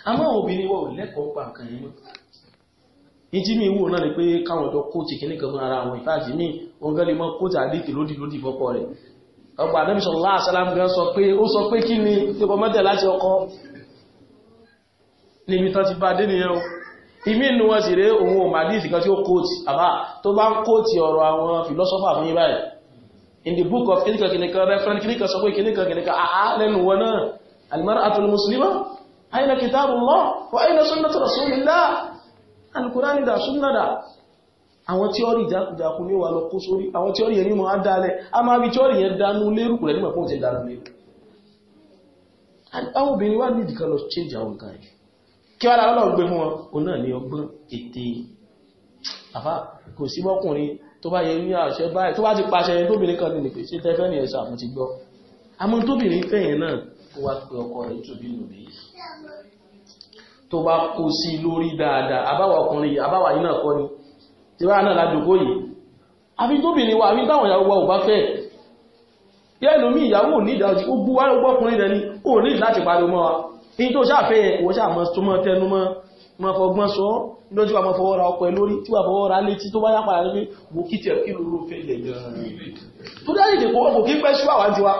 àmọ́ obìnrin wọ́n lẹ́kọ̀ọ́ pa nǹkan yìí ní tí mi wò náà ni pé káwọn ọ̀dọ́ kó ti kíní kan ara àwọn ìfáàjì ní ọgán lè mọ́ kó tàbí kì lódì lódì fọ́kọ rẹ̀ ọgbà Ànábì sallallahu gan sọ pé ó sọ pé kí ni ìfọmọdé láti ọkọ níbi tán ti bá dé nìyẹn o ìmí inú wọn sì rẹ̀ ohun òmàdíìsì kan tí ó kóòtì àbá tó bá ń kóòtì ọ̀rọ̀ àwọn fìlọ́sọ́fà fún yín báyìí in the book of kìnìkan kìnìkan reference kìnìkan sọ pé kìnìkan kìnìkan àá lẹ́nu wọn náà almar'atul muslima aina kitabullah wa aina sunnatu rasulillah alqur'ani da sunna da àwọn tíọ́rì ìjákùjákù ní wà lọ kó sórí àwọn tíọ́rì ẹni mọ̀ á dálẹ̀ a máa bí tíọ́rì yẹn dánú lérù pẹ̀lú ẹni mọ̀ fún òtẹ́ dánú lérù àwọn obìnrin wá ní ìdíkan lọ change àwọn nǹkan kí wá lọ́lọ́ gbé fún wọn o náà ní ọgbọ́n ètè àfá kò sí mọ́kùnrin tó bá yẹ ní àṣẹ báyìí tó bá ti pàṣẹ yẹn tóbìnrin kan nìpe ṣe tẹ́fẹ́ ní ẹ̀sà àmú ti gbọ́ àmọ́ tóbìnrin fẹ́yẹn náà kó wá pé ọkọ rẹ̀ tóbi nù bí tó bá kó sí lórí dáadáa àbáwà ọkùnrin àbáwà yìí náà kọ́ ni tí wá náà ládùúgbò yìí àfi tóbìnrin wa àfi táwọn ìyàwó wa ò bá fẹ́ yẹ́ lómi ìyàwó ò ní ìdájú ó bú wá ọgbọ́kùnrin rẹ̀ ni ó ní láti pariwo mọ́ wa in tó ṣàfẹ́ ẹ̀kọ́ ṣàmọ́ tó mọ́ tẹnu mọ́ mọ́ fọgbọ́n sọ lójú àmọ́ fọwọ́ra ọkọ̀ lórí tí wà fọwọ́ra létí tó bá yá padà níbi wò kí tẹ̀ kí lóru fẹ́ ilẹ̀ tó dájì dè kọ́kọ́ kò kí pẹ́ ṣú àwọn tiwa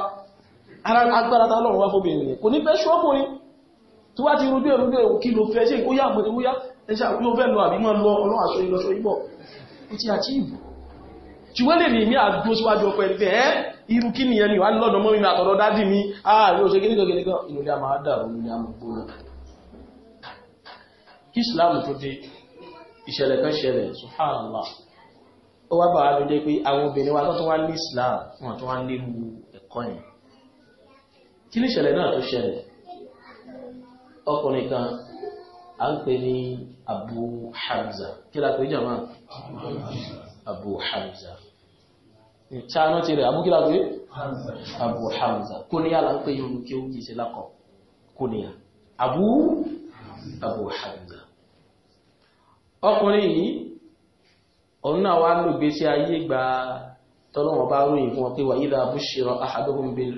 ara agbára tá lọ́rùn wá fóbìnrin kò ní pẹ́ ṣú ọkùnrin tó wá ti rúdú ẹ̀rúdú ẹ̀wò kí ló fẹ́ ṣe kó yá àmọ́ ìwúyá ẹ̀ṣà kí ó fẹ́ lọ àbí mọ́ lọ ọlọ́ ṣùgbọ́n lè ní àgbó síwájú ọpẹ́ ẹni pé ẹ́ irú kí nìyẹn ni wà lọ́dọ̀ mọ́ mi àtọ̀dọ̀ dádì mi ààrẹ òṣè kí nìkan kìnìkan inú ilé àmà dàrú ní àmà gbóná kí Islam tó dé ìṣẹ̀lẹ̀ kan ṣẹlẹ̀ subhanallah ó wá bàwá lóde pé àwọn obìnrin wa tó wá ní Islam wọn ọkùnrin kan à ń pè ní Abu Hamza kí la pè jàmá Abu Hamza ìtsáná ti rẹ̀ abúkílá pé abu hamza kó ní yàrá ń pè yóò kí ó kìí ṣe lákọ̀ kó ní yà abu abu hamza ọkùnrin yìí òun náà wá ló gbé sí ayé gba tọ́lọ́wọ́n ròyìn fún wọn wà idha bushira ahaduhum bil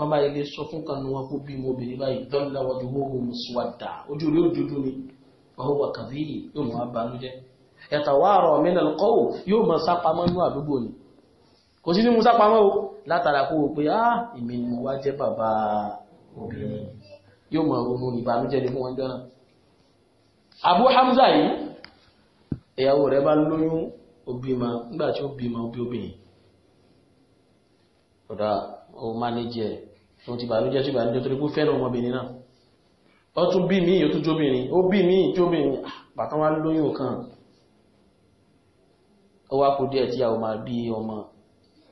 bàbá yìí lè sọ fún kanu wọn kó bí mo bèrè báyìí dọ́là wọ́n wọ́wọ́ mu ojú rẹ̀ dúdú ni ọ̀hún wà kàbí yóò mọ̀ abanújẹ́ ẹ̀tà wà rọ̀ mẹ́lẹ̀ kọ́ ò yóò mọ̀ sápamọ́ inú àdúgbò ni kò sí ní mo sápamọ́ o látara kó o pé á ah, èmi ni mo wá jẹ́ bàbá obìnrin yóò mọ̀ ronú ìbànújẹ́ ni fún wọn jọ́nà Abu Hamza yìí ìyàwó rẹ̀ bá lóyún obìmọ̀ nígbà tí ó bímọ obì obìnrin ọ̀dà ó mánéjì ẹ̀ tó ti bànújẹ́ sí bànújẹ́ torí pé fẹ́ràn ọmọbìnrin náà ó tún bí míì ó tún jóbìnrin ó bí míì jóbìnrin ah, bàtán wá lóyún kan ó wá kó díẹ̀ tí a ò máa bí ọmọ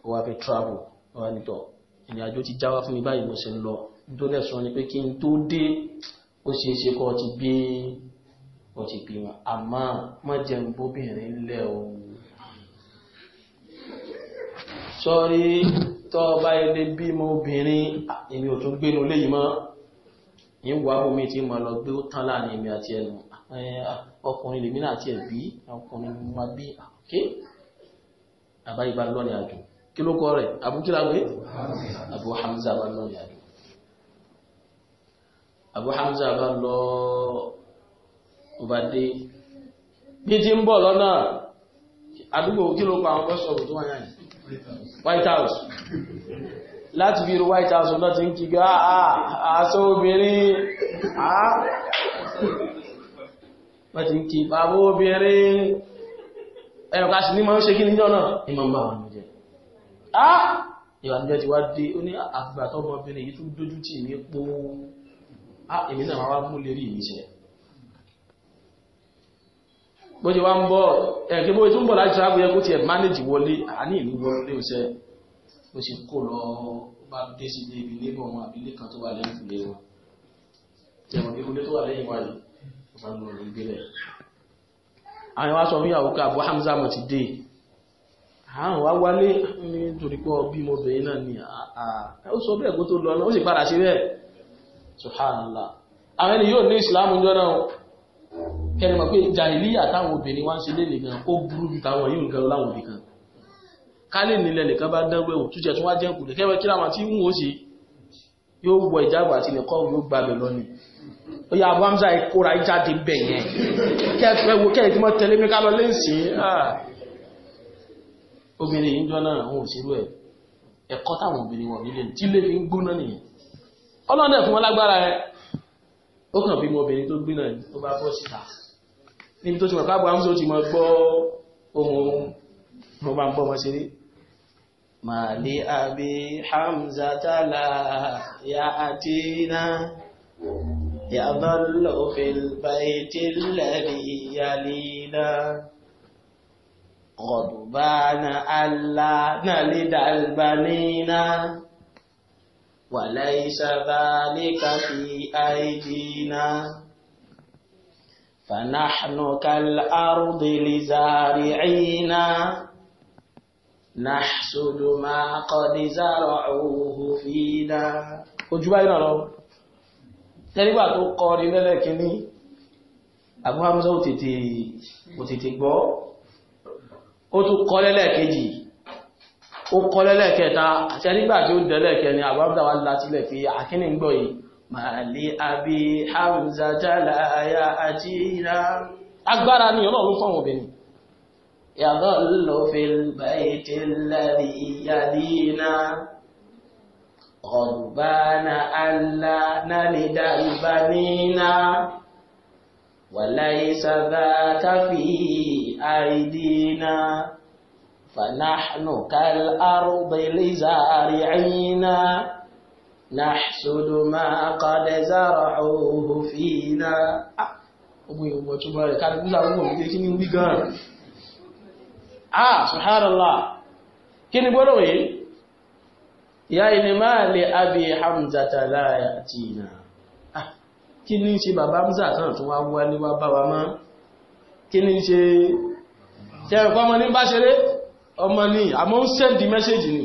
ó wá fẹ́ travel ó wá nítọ̀ ìrìn àjò ti jáwá fún mi báyìí mo sì ń lọ tó lẹ́sùn ni pé kí n tó dé ó ṣe é ṣe kọ́ ti bí ó ti bí wọn àmọ́ má jẹun bóbìnrin lẹ́ o sọ́rí tọ́ ọba ilé bímọ obìnrin èmi ò tún gbénu léyìí mọ́ ní wà bómi tí mo lọ gbé ó tán láàrin èmi àti ẹnu ọkùnrin lèmi náà àti ẹ̀bí ọkùnrin mo bí àkókè àbáyé bá lọ́rin àjò kí ló kọ́ rẹ̀ abúkíláwé Abu Hamza bá lọ́rin àjò Abu Hamza bá lọ ọba dé bí ti ń bọ̀ lọ́nà àdúgbò kí ló pa àwọn bọ́sọ̀rọ̀ tó wáyà yìí White House láti bí irú White House náà ti ń kí gá àṣọ ah, ah, ah, obìnrin wọ́n ti ń kí bàbá obìnrin ẹ̀rọ̀ká sí ní máa ń ṣe kí ní jọ́nà ìmọ̀mbà wọn jẹ́ ah ìwànjẹ́ ti wá dé ó ní àgbàtọ́ ọmọbìnrin yìí tún dójú tì ní pòó ah èmi náà wá mú lérí ìmíṣẹ́ bó ti wá ń bọ̀ ẹ̀kẹ́ bó ti ń bọ̀ láti ṣáàbù yẹ kó tiẹ̀ mánéjì wọlé àní ìlú wọlé ọ̀sẹ̀ bó ṣe kó lọ bá dé sí ilé ibi níbọ̀ wọn àbí ilé kan tó wà lẹ́yìn ìlé wọn tẹ̀wọ̀n bí ilé tó wà lẹ́yìn wáyé wọn lọ lè gbé rẹ̀. àwọn wa sọ fún ìyàwó ká Abu Hamza mo ti dé àwọn wa wálé nítorí pé ọbí ọmọbìnrin náà ni ó sọ bẹ́ẹ̀ kó tó lọ náà ó sì padà sí bẹ́ẹ̀ subhanallah àwọn ẹni yóò ní ìsìlámù jọ kẹ́ni mọ̀ pé jàìlíyà táwọn obìnrin wá ń ṣe lé nìkan ó burú ju táwọn yìí nǹkan láwọn òbí kan ká lè nílẹ̀ nìkan bá dánwẹ́ ò túnjẹ tún wá jẹ́ nkùnlẹ̀ kẹ́wẹ́ kí làwọn tí wọ́n ṣe yóò wọ ìjágbà àti nìkọ́ yóò gbàbẹ̀ lọ́nìí ó yà bá ń sá ìkóra ìjáde bẹ̀ yẹn kẹ́ẹ̀fẹ́ wo kẹ́ẹ̀ tí wọ́n tẹ̀lé mi ká lọ lẹ́sìn obìnrin yìí ń jọ náà àwọn òṣèlú ẹ̀ ẹ̀kọ́ táwọn obìnrin wọn nílé tí lè fi ń gbóná nìyẹn ọlọ́run dẹ̀ fún wọn lágbára ẹ̀ ó kàn bímọ obìnrin tó gbé náà tó bá bọ́ síta níbi tó ti wọ̀pá bọ́ amúso ti mọ̀ gbọ́ ohun mo bá ń bọ́ wọn ṣeré màálé àbí hamza tààlà ya àtìná ya dọ́lọ̀ fèlbàì tí lẹ́rí yàlìlá ọ̀dùbánà àlá náà lè dàlbàníná wàlẹ́ ìṣàbálẹ́kà fi àìdínà فنحن كالأرض لزارعينا نحسد ما قد زرعوه فينا ojú báyìí náà lọ tẹ́lígbà tó kọ́ ní lẹ́lẹ́kíní àbúhámsá ò tètè gbọ́ ó tún kọ́ lẹ́lẹ́kejì ó kọ́ lẹ́lẹ́kẹta àti ẹnígbà tí ó dẹ̀lẹ́kẹ ni àbúhámsá wá látílẹ̀ fi àkíní ń gbọ́ yìí ما لأبي حمزة لا يأتينا agbára ni ọlọ́run fáwọn obìnrin yadhallu fil bayti alladhi yalina rabbana alla nalida banina walaysa dhaka fi aydina fanahnu kal ardi li zari'ina نحصد ما قد زرعوه فينا ah, ọmọ ìwọ̀n ọ̀túnmọ̀ rẹ̀ káàkiri púpọ̀ àwọn òmìnirí kí ní wí gan ah subhanallah kí ni gbọ́nà wèé ya ni máa lè abi hamza tàláyà tí ìnà kí ní ṣe bàbá hamza tán tún wá wá níwá bá wa máa kí ní ṣe tẹ́rẹ̀kọ́ ọmọ ní bá ṣeré ọmọ ní àmọ́ ń sẹ́ndì mẹ́ṣẹ́jì ni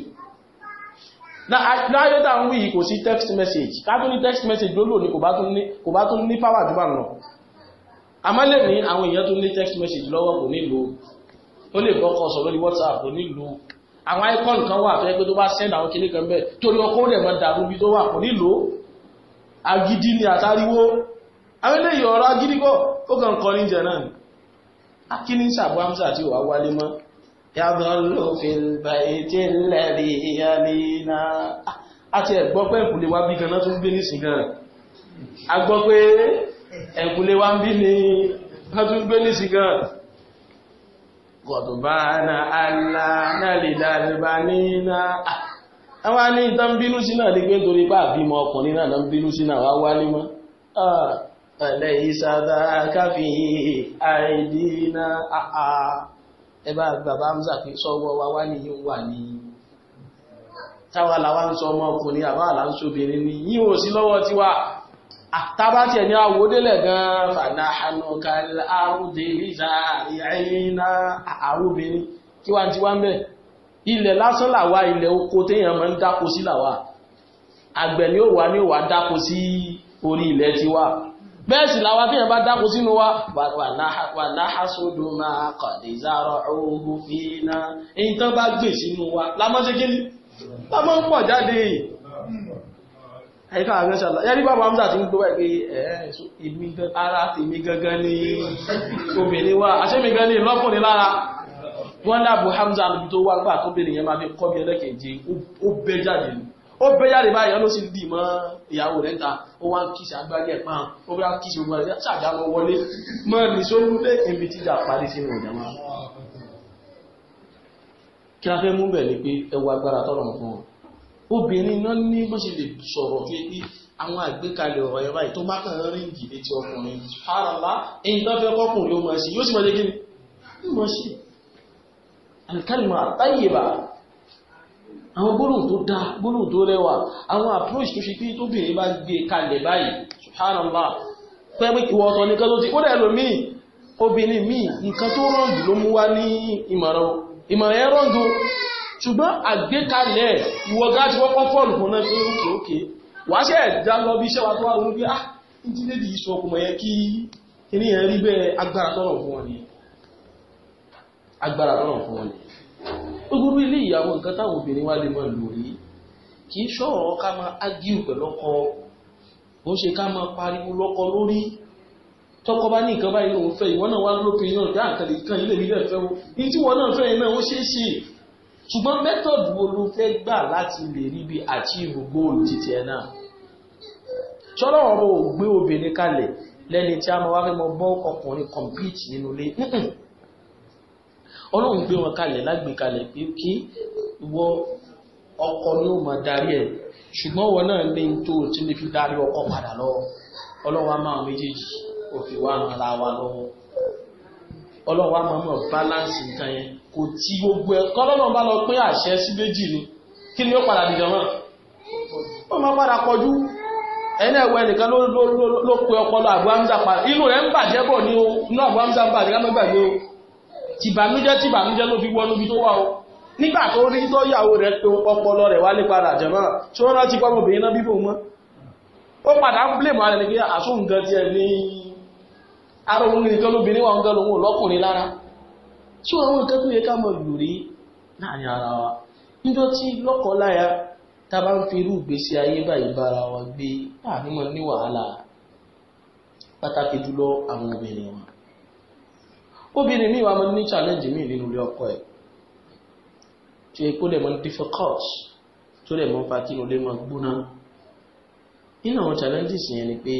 láyé tá ń wí kò sí text message ká tó ní text message ló lò ní kò bá tó ní power àdúgbà náà àmọ́ lè ní àwọn èèyàn tó ní text message lọ́wọ́ kò nílò ó lè bọ́kọ̀ sọ lórí WhatsApp kò nílò àwọn icon kan wà fẹ́ pé tó bá send àwọn kìnnì kan bẹ́ẹ̀ torí ọkọ̀ rẹ̀ mọ́ dàrú bí tó wà kò nílò agídí ni àtàríwó àwọn eléyìí ọ̀rọ̀ agídí kọ́ ó kàn kọ́ níjẹ̀ náà kí ní sàbọ̀ àmúsà tí wà wálé mọ́ yàtọ̀lù fìlbàìtì lẹ́rí yàlínà àti ẹ̀gbọ́ pé ẹ̀kùnlé wá bí ganá tó ń gbé ní ṣìgán a gbọ́ pé ẹ̀kùnlé wá bí ní tó ń gbé ní ṣìgán gọ̀dùbánà bá Na ní ìtàn bínú sí náà dígbé torí pà bímọ náà ń bínú sí ní mọ́ ẹ̀lẹ́ ah, ìsàdá ẹ bá bàbá Hamza pé sọ́wọ́ wa wá ní yíò wà ní táwa làwa ń sọ ọmọ ọkùnrin àbá àlà ń sobìnrin ni yíò sí lọ́wọ́ tiwa àtàbá tiẹ̀ ní àwòdélẹ̀ gan-an fàdà ànàkà àrùdèlìsà ìrìnà àrùbìnrin kí wá ti wá ń bẹ̀ ilẹ̀ lásán làwa ilẹ̀ oko téèyàn máa ń dáko sí làwa àgbẹ̀ ni ó wà ní ó dáko sí orí ilẹ̀ tiwa bẹ́ẹ̀ sì làwọn akéèyàn bá dáko sínú wa wà láhásódò máa kọ̀dé zárọ̀ ogun fínà èyí tán bá gbè sínú wa lámọ́sí kí ni lámọ́ ń pọ̀ jáde àwọn ṣàlá yẹ́rí bàbá ti ń gbọ́ pé ẹ̀ẹ́ wọ́n dábò Hamza gbà tó bèèrè ó bẹ́ jáde báyìí ọlọ́sì ń dì mọ́ ìyàwó rẹ̀ ta ó wá ń kíṣe agbárí ẹ̀ pa ó bá kíṣe gbogbo ẹ̀ ṣàjà lọ wọlé mọ́ ní sólúlé ibi tíjà parí sínú ọ̀dà máa. kí a fẹ́ mú bẹ̀ ni pé ẹ wo agbára tọ́lọ̀ fún ọ obìnrin náà ní bó ṣe lè sọ̀rọ̀ tó yẹ pé àwọn àgbékalẹ̀ ọ̀rọ̀ ẹ̀ báyìí tó bá kàn rí ìdí létí ọkùnrin àràlá èyí tó fẹ́ kọkùnrin ó máa ṣe yóò sì máa ni yóò máa ṣe àlùkálìmọ̀ àtàyè àwọn gbólóhùn tó dáa gbólóhùn tó rẹwà àwọn approach tó ṣe pé tóbìnrin bá gbé kalẹ̀ báyìí subhanallah pé pé ìwọ ọ̀tọ̀ nìkan ló ti ó dẹ̀ lómìn obìnrin míì nǹkan tó rọ̀ǹdù ló mú wá ní ìmọ̀ràn ìmọ̀ràn ẹ̀ rọ̀ǹdù ṣùgbọ́n àgbékalẹ̀ ìwọ̀gá ah ìdílé yìí sọ ọkùnrin yẹn kí kíní yẹn rí bẹ́ẹ̀ agbára gbogbo ilé ìyàwó nǹkan táwọn obìnrin wá lè máa lò rí kì í ṣọ̀rọ̀ ká máa ágíù pẹ̀lọ́kọ ó ṣe ká máa pariwo lọ́kọ lórí tọkọ bá ní nǹkan báyìí lòun fẹ́ ìwọ náà wá lópin náà dá nǹkan lè kàn ilé mi lè fẹ́ o ní tí wọn náà fẹ́ yẹn náà ó ṣeé ṣe ṣùgbọ́n mẹ́tọ̀dù wo ló fẹ́ gbà láti lè rí bí àti ìrògbò òjijì ẹ̀ náà ṣọ́lọ́ ọ̀rọ̀ ò gbé obìnrin kalẹ̀ lẹ́ni tí a máa wá fẹ́ mọ bọ́ ọkùnrin compete nínú ilé ọlọ́run gbé wọn kalẹ̀ lágbèkalẹ̀ pé kí wọ ọkọ ni ó máa darí ẹ̀ ṣùgbọ́n wọn náà ní tó tí lè fi darí ọkọ padà lọ ọlọ́run á máa méjèèjì ó fi wá ran ara wa lọ́wọ́ ọlọ́run á máa mọ̀ báláǹsì nǹkan yẹn kò tí gbogbo ẹ̀ kọ́lọ́run bá lọ pín àṣẹ sí méjì ni kí ni ó padà dìjọ náà ó máa padà kọjú ẹni ẹ̀wọ̀ ẹnìkan ló pe ọpọlọ àbúhámsà padà inú rẹ̀ ń bàjẹ́ bọ̀ ní o inú àbúhámsà ń bàjẹ́ ká má tìbànújẹ́ tìbànújẹ́ ló fi wọnú bí tó wà ó nígbà tó rí tó yàwó rẹ̀ tó ọpọlọ rẹ̀ wálé padà jẹ̀mọ́ tí wọ́n rántí pọ́mọ obìnrin náà bíbò mọ́ ó padà ń blé mọ́ ẹni pé àsún nǹkan tiẹ̀ ní ara òun nìkan lóbìnrin wà ń gan lòun lọ́kùnrin lára tí wọ́n nǹkan tó yẹ ká mọ lò rí láàrin ara wa níjọ́ tí lọ́kọ̀ láya tá a bá ń fi irú ìgbésí ayé báyìí bára wa gbé láàrin mọ́ ní wàhálà pàtàkì jùlọ àwọn obìnrin wa obìnrin míì wàá mọ ní challenge mi nínú ilé ọkọ ẹ̀ tí epo lè mọ difficult tó lè mọ fa kí inú ilé mọ gbóná nínú àwọn challenges yẹn ni pé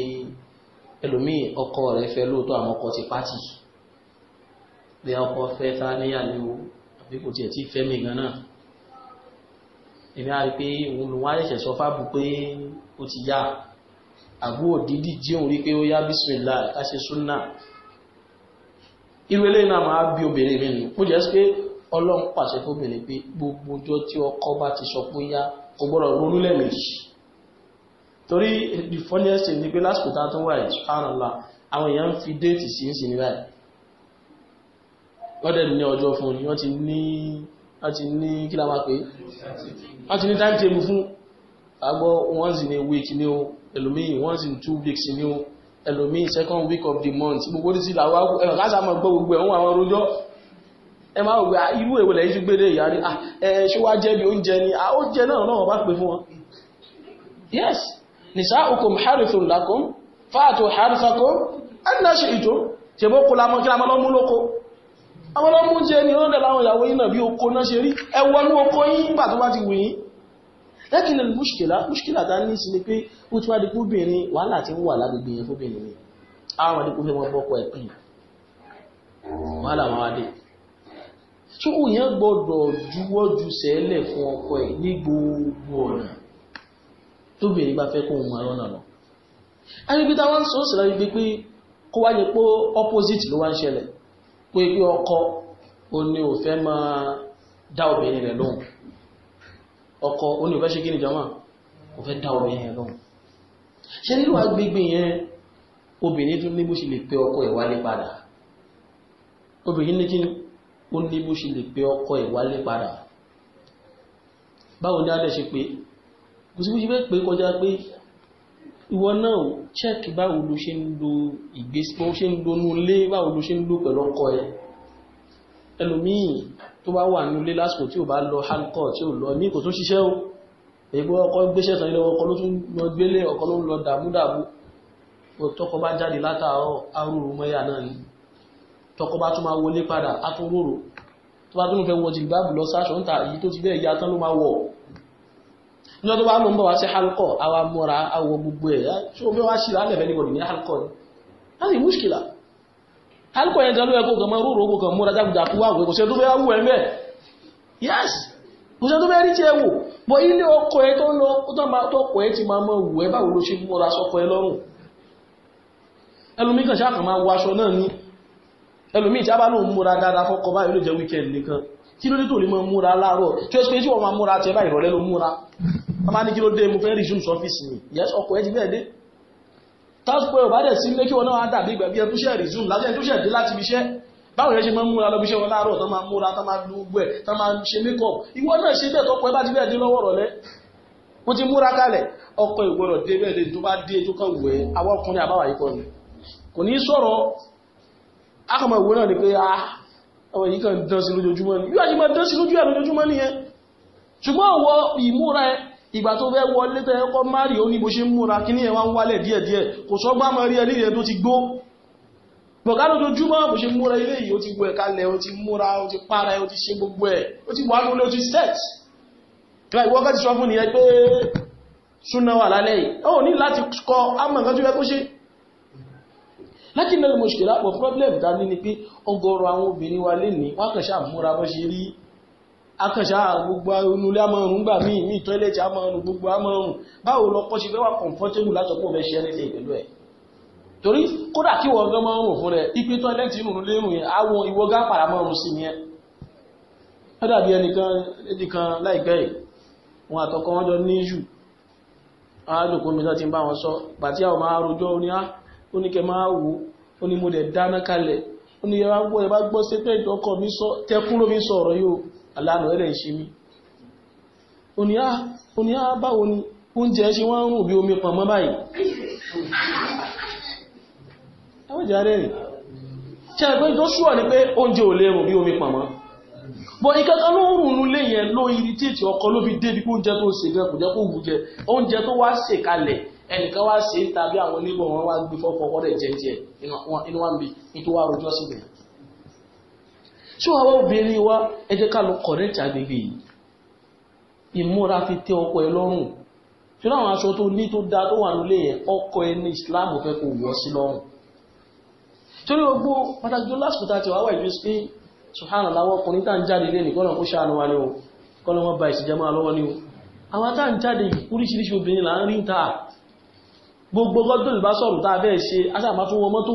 ẹlòmíì ọkọ rẹ̀ fẹ́ lóòótọ́ àwọn ọkọ ti pátì bí ọkọ fẹ́ ta níyàlẹ́ o àbí kò tiẹ̀ tí fẹ́ mi gan èmi á pé òun lòun á ṣẹ̀ṣẹ̀ sọ fábù pé ó ti yá àbúrò dídì jí òun rí pé ó yá bísímìlá ká ṣe súnà irú eléyìí náà máa bí obìnrin mi nù kó jẹ́ pé ọlọ́run pàṣẹ fóbìnrin pé gbogbo ọjọ́ tí ọkọ bá ti sọ pé yá kò gbọ́dọ̀ ronú lẹ́ẹ̀mejì torí the funniest thing ni pé lásìkò tá a tún wà yìí subhanallah àwọn èèyàn ń fi déètì sí ń ní báyìí wọ́n ní ọjọ́ fún ni wọ́n ti ní wọ́n ti ní kí la máa pè wọ́n ti ní time table fún àgbọ̀ once in a week ni o ẹlòmíì once in two weeks ni o ẹlòmíì second week of the month gbogbo ní sí làwọn akú ẹ̀rọ káṣà máa gbọ́ gbogbo ẹ̀wọ̀n àwọn rojọ́ ẹ máa wò pé ah, irú èwo lẹ́yìn fi gbére ìyá rí ah, ẹ ṣé wàá jẹ́ bí oúnjẹ ni ah, oúnjẹ náà náà bá pè fún wọn. yes nisa'ukum harithun lakum fa'atu harithakum anna shi'tum ṣèbó kó lamọ́ kí lamọ́ lọ́mú lóko àwọn ọlọ́mú jẹ́ ni ó ń dẹ̀ láwọn ìyàwó yìí náà bí oko náà ṣe rí ẹwọ́nú oko yín gbà tó bá ti wù yín lẹ́kìn lè múṣkìlá múṣkìlá tá ní sí ni pé ó ti wá di kúbìnrin wàhálà tí ń wà lágbègbè yẹn fóbìnrin ni àwọn àdínkù fẹ́ wọn bọ́kọ ẹ̀pìn wàhálà wọn adé tó kù yẹn gbọ́dọ̀ juwọ́ ju sẹ́lẹ̀ fún ọkọ ẹ̀ ní gbogbo ọ̀nà tóbìnrin bá fẹ́ kó wọn rọ́nà lọ ẹnibí táwọn ń sọ ó sì láti gbé pé kó wá yẹ pé opposite ló wá ń ṣẹlẹ̀ pé pé ọkọ òní ò fẹ́ máa dá obìnrin rẹ̀ lóhùn ọkọ ó ní ò fẹ́ ṣe ni jọmọ́ kò fẹ́ dá obìnrin yẹn lóhùn ṣe nínú agbègbè yẹn obìnrin tún ní bó lè pe ọkọ ẹ̀ padà obìnrin ní kí ó ní bó lè pe ọkọ ẹ̀ padà báwo ni adẹ́ ṣe pé kò sí bó ṣe fẹ́ pé kọjá pé ìwọ náà chẹ́ẹ̀kì báwo ló ṣe ń lo ìgbésí bó ṣe ń lo nulé báwo ló ṣe ń lo pẹ̀lú ọkọ ẹ̀ ẹlòmíì tó bá wà nílé lásìkò tí ò bá lọ halkọ́ tí ò lọ ní kò tó ṣiṣẹ́ o èyí ọkọ̀ gbéṣẹ́ tán ilé ọkọ̀ ló tún lọ gbélé ọkọ̀ ló ń lọ dàmúdàmú tọkọ bá jáde látàárọ̀ arúrú mọ́yà náà ni tọkọ bá tún máa wọlé padà atúnrúrò tó bá tún fẹ́ wọ jìgbàbù lọ sáṣọ níta èyí tó ti bẹ́ẹ̀ ya tán ló máa wọ̀ níjọ́ tó bá lọ ń bọ̀ wá sí halkọ́ àwa mọ́ra awọ gbogbo ẹ̀ tí ó fẹ́ wá sí lálẹ́ fẹ́ níbọ̀dì ní halkọ́ ni láti mùṣkílà alukọ yẹn gan ló yẹ kó kàn mọ́ rúurú kó kàn múra jákujàku wá kò ṣe tó fẹ́ wú ẹ yes kò ṣe tó fẹ́ rí tiẹ̀ wò bọ́ ilé ọkọ ẹ tó ń lọ tó kọ ẹ ti máa mọ wù ẹ báwo ló ṣe múra sọkọ ẹ lọ́rùn ẹlòmí ṣáà kàn máa wọ aṣọ náà ni ẹlòmí tí a bá lóun múra dáadáa fọkọ báyìí ló jẹ wíkẹ́ndì nìkan kí ló dé tó lè mọ múra láàárọ̀ tí ó ṣe pé tí wọ́n máa múra tẹ báyìí rọ̀lẹ́ ló múra wọ́n máa ní kí ló dé mo fẹ́ rí sọ́fíìsì ni yes ọkọ ẹ ti bẹ́ẹ̀ dé tọ́sùpẹ́ ò bá dẹ̀ sí lé kí wọn náà dàbí ìgbà bí ẹtú ṣe resume láti ẹtú ṣe dé láti ibi iṣẹ́ báwo yẹn ṣe máa ń múra lọ bí iṣẹ́ wọn láàárọ̀ tán máa ń múra tán máa lu gbẹ tán máa ń ṣe makeup ìwọ náà ṣe bẹ́ẹ̀ tọ́pọ̀ ẹ bá ti bẹ́ẹ̀ dé lọ́wọ́ rọ̀lẹ́ wọ́n ti múra kalẹ̀ ọkọ ìgbọ̀rọ̀ dé bẹ́ẹ̀ tó bá dé tó kàn wẹ̀ àwọn ọkùnrin yìí kọ́ ni kò ní sọ̀rọ̀ akọ̀mọ̀ ìwé náà ni pé àwọn ah, yìí kàn dán sí lójoojúmọ́ ni yóò àti máa dán sí lójú ẹ̀ lójoojúmọ́ nìyẹn ṣùgbọ́n ìmúra ẹ ìgbà tó fẹ́ wọlé tẹ́ ẹkọ́ márì ó ní bó ṣe ń múra kí ní ẹwà ń wálẹ̀ díẹ̀díẹ̀ kò sọ́gbà mọ́ rí ẹni rẹ̀ tó ti gbó bọ̀gá lójoojúmọ́ bó ṣe múra ilé yìí ó ti wẹ̀ kalẹ̀ ó ti múra ó ti para ó ti ṣe problem dání ni pé ọ̀gọ̀rọ̀ àwọn obìnrin wa lè ní akànṣá gbogbo onúlé amọ̀rún gbà míì míì tọ́ẹ̀lẹ̀tì amọ̀rún gbogbo amọ̀rún báwo lọ́kọ́ ṣe fẹ́ wà comfortable látọ̀pọ̀ fẹ́ ṣe anything pẹ̀lú ẹ̀ torí kódà kí wọ́n gan máa ń rùn fún rẹ̀ ipe tọ́ẹ̀lẹ̀tì inú ilé rùn yẹn àwọn ìwọ gá para mọ́rùn sí yẹn ó dàbí ẹnìkan ẹnìkan láìpẹ́ yìí wọn àtọkọ wọn jọ ní ìṣù alùpùpù tó ti bá wọn sọ pàtí àwọn ah! mi sọ tẹkún ló aláàrùn ẹlẹ́ ṣe mí oníyá ah, ah, báwo ni oúnjẹ ṣe wọ́n ń rùn bí omi pọ̀nmọ́ báyìí ẹwọ́jà rẹ̀ rẹ̀ ṣe ẹgbẹ́ tó ṣúwà ní pé oúnjẹ ò lè rùn bí omi pọ̀nmọ́ bọ̀ ìkẹ́kọ́ ló rùn nú irritate ọkọ ló fi débi pé oúnjẹ tó ṣe gan kò jẹ́ kó wù jẹ oúnjẹ tó wá ṣe kalẹ̀ ẹnìkan wá ṣe ń tàbí àwọn onígbọ̀n wọn wá gbé ọ̀rẹ́ jẹ́jẹ́ inú wa ń bi nítorí wá rojọ́ síbẹ̀ ṣé wàá wọ́n obìnrin wa ẹ jẹ́ ká lọ kọ̀rẹ́tì agbègbè yìí ìmúra fi tẹ́ ọkọ ẹ lọ́rùn ṣùgbọ́n àwọn aṣọ tó ní tó da tó wà nílé yẹn ọkọ ẹ ní Islam fẹ́ kó wọ́ sí lọ́rùn torí gbogbo pàtàkì tó lásìkò tá a ti wá wà ìlú sí sùhánà láwọ́ ọkùnrin tá à ń jáde ilé nìkan náà kó ṣàánú wa ni o kọ́ ló wọ́n ba ìṣèjẹ́ máa lọ́wọ́ ni o àwọn tá à ń jáde oríṣiríṣi obìnrin là ń rí ta gbogbo gọ́dọ̀lù bá sọ̀rọ̀ tá a bẹ́ẹ̀ ṣe aṣáàmá fún wọn mọ́tò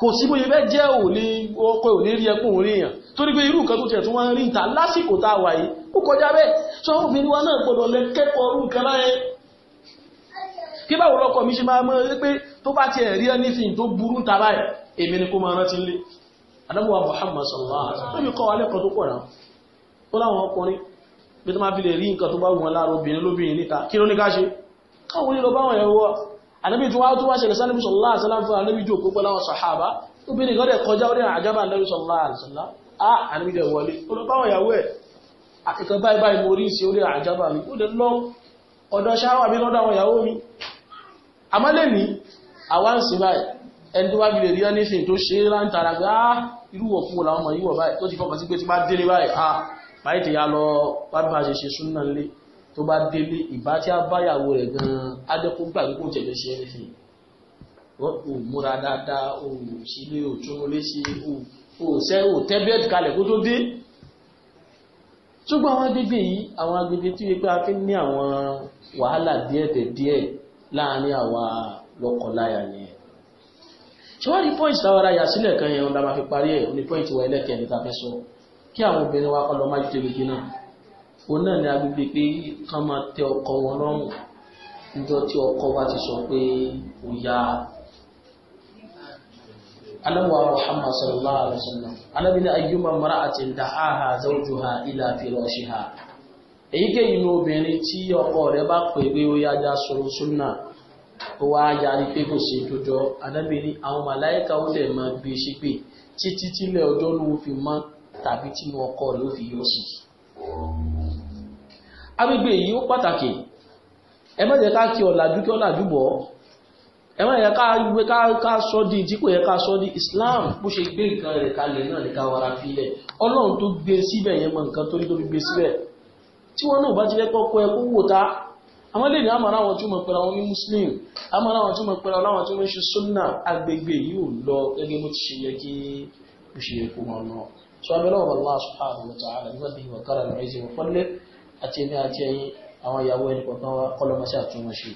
kò sí bóyẹ bẹ́ jẹ́ òní ọkọ̀ òní rí ẹkùn orí èèyàn torí pé irú nǹkan tó tẹ̀ tó wọ́n rí ìta lásìkò tá a ó kọjá bẹ́ẹ̀ sọ fún wọn náà gbọdọ̀ lẹ kẹ́kọ̀ọ́ láyé ta báyìí èmi ni kó máa rántí nílé adábọ̀wá Muhammad sallallahu alaihi wasallam lómi kọ́ wa lẹ́kọ̀ọ́ tó pọ̀ náà ó láwọn ọkùnrin bí tó máa fi lè rí nǹkan tó bá wù wọn lára obìnrin lóbìnrin níta kí ló ní ká ṣe káwọn ànábì tó wá tó wá ṣẹlẹ̀ sálẹ́bí sọ̀lá àṣálá fún ànábì tó kó pẹ́láwọ̀ sàhábà obìnrin kan dẹ̀ kọjá orí àjábà ànábì sọ̀lá àṣálá á ànábì dẹ̀ wọlé olùbáwọ̀ ìyàwó ẹ̀ àkẹ́kọ̀ọ́ báyìí báyìí mo rí sí orí àjábà mi ó dẹ̀ lọ ọ̀dọ̀ ṣáwà mi lọ́dọ̀ àwọn ìyàwó mi àmọ́ lè ní àwa ń sìn báyìí ẹni tó bá fi lè rí anything tó tó bá délé ìbá tí a báyàwó rẹ̀ gan-an adẹ́kùn gbàgbé kò tẹ̀lé ṣe ẹnìfì wọ́n kò múra dáadáa o ò sílé o tún lé sí o ò sẹ́ o tẹ́bíẹ̀tì kalẹ̀ kó tó dé ṣùgbọ́n àwọn agbègbè yìí àwọn agbègbè tí wípé a fi ní àwọn wàhálà díẹ̀ tẹ̀ díẹ̀ láàárín àwa lọ́kọláya nìyẹn ṣọwádìí pọ́ìntì táwọn ará yà kan yẹn la máa fi parí ẹ̀ ní pọ́ìntì wa ẹlẹ́kẹ̀ẹ́ ní ta fẹ́ sọ kí àwọn obìnrin wa kọ́ lọ máa ju tẹ̀lé náà òun náà ni agbègbè pé kán máa tẹ ọkọ wọn lọ́rùn níjọ́ tí ọkọ wa ti sọ pé kò yá alábọ̀ Muhammad sallallahu alaihi wasallam ila èyíkéyìí ní obìnrin tí ọkọ rẹ̀ bá pè pé ó yájá sọ̀rọ̀ súnà ó wá yarí pé kò sí àwọn ó máa gbé ṣe pé títí tílẹ̀ ọjọ́ ló fi mọ́ tàbí tí ọkọ rẹ̀ fi yọ agbègbè yìí ó pàtàkì ẹ má jẹ́ ká kí ọ̀làjú kí ọ̀làjú bọ̀ ẹ má jẹ́ ká sọ di tí kò yẹ ká sọ di Islam bó ṣe gbé nǹkan rẹ̀ kalẹ̀ náà ní ká wara filẹ̀ Ọlọ́run tó gbé síbẹ̀ yẹn mọ nǹkan tó ní tó fi gbé síbẹ̀ tí wọ́n náà bá ti fẹ́ kọ́kọ́ ẹ kó wò ta àwọn lè ní àmàrà àwọn tí pẹ̀lú àwọn ní muslim àmàrà àwọn tí wọ́n pẹ̀lú àwọn tí wọ́n ṣe súnnà agbègbè yóò lọ gẹ́gẹ́ bó ti ṣe yẹ kí ó ṣe yẹ kó wọn lọ sọ abẹ́lẹ́ ọ̀bọ̀lá subhanahu wa ta'ala nígbàtí ìwà kára ní ẹ̀jẹ̀ wọ́n fọ́lẹ́ àti ní àti ẹ̀yin àwọn ìyàwó ẹni kọ̀ọ̀kan wa kọ́lọ́mọṣẹ́ àtúnmọ̀ṣe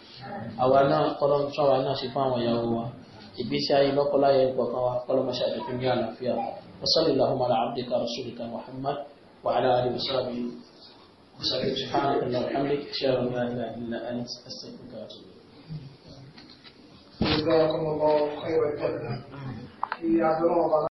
àwa náà kọ́lọ́mọṣẹ́ àwa náà ṣe fún àwọn ìyàwó wa ìgbésí ayé lọ́kọ́láyé ẹni kọ̀ọ̀kan wa kọ́lọ́mọṣẹ́ àdìpín ní àlàáfíà wasalli lahumma ala abdika rasulika muhammad wa ala alihi wa sahbihi wa sallim subhanaka allahumma wa hamdika ashhadu la ilaha illa anta astaghfiruka wa atubu ilayk.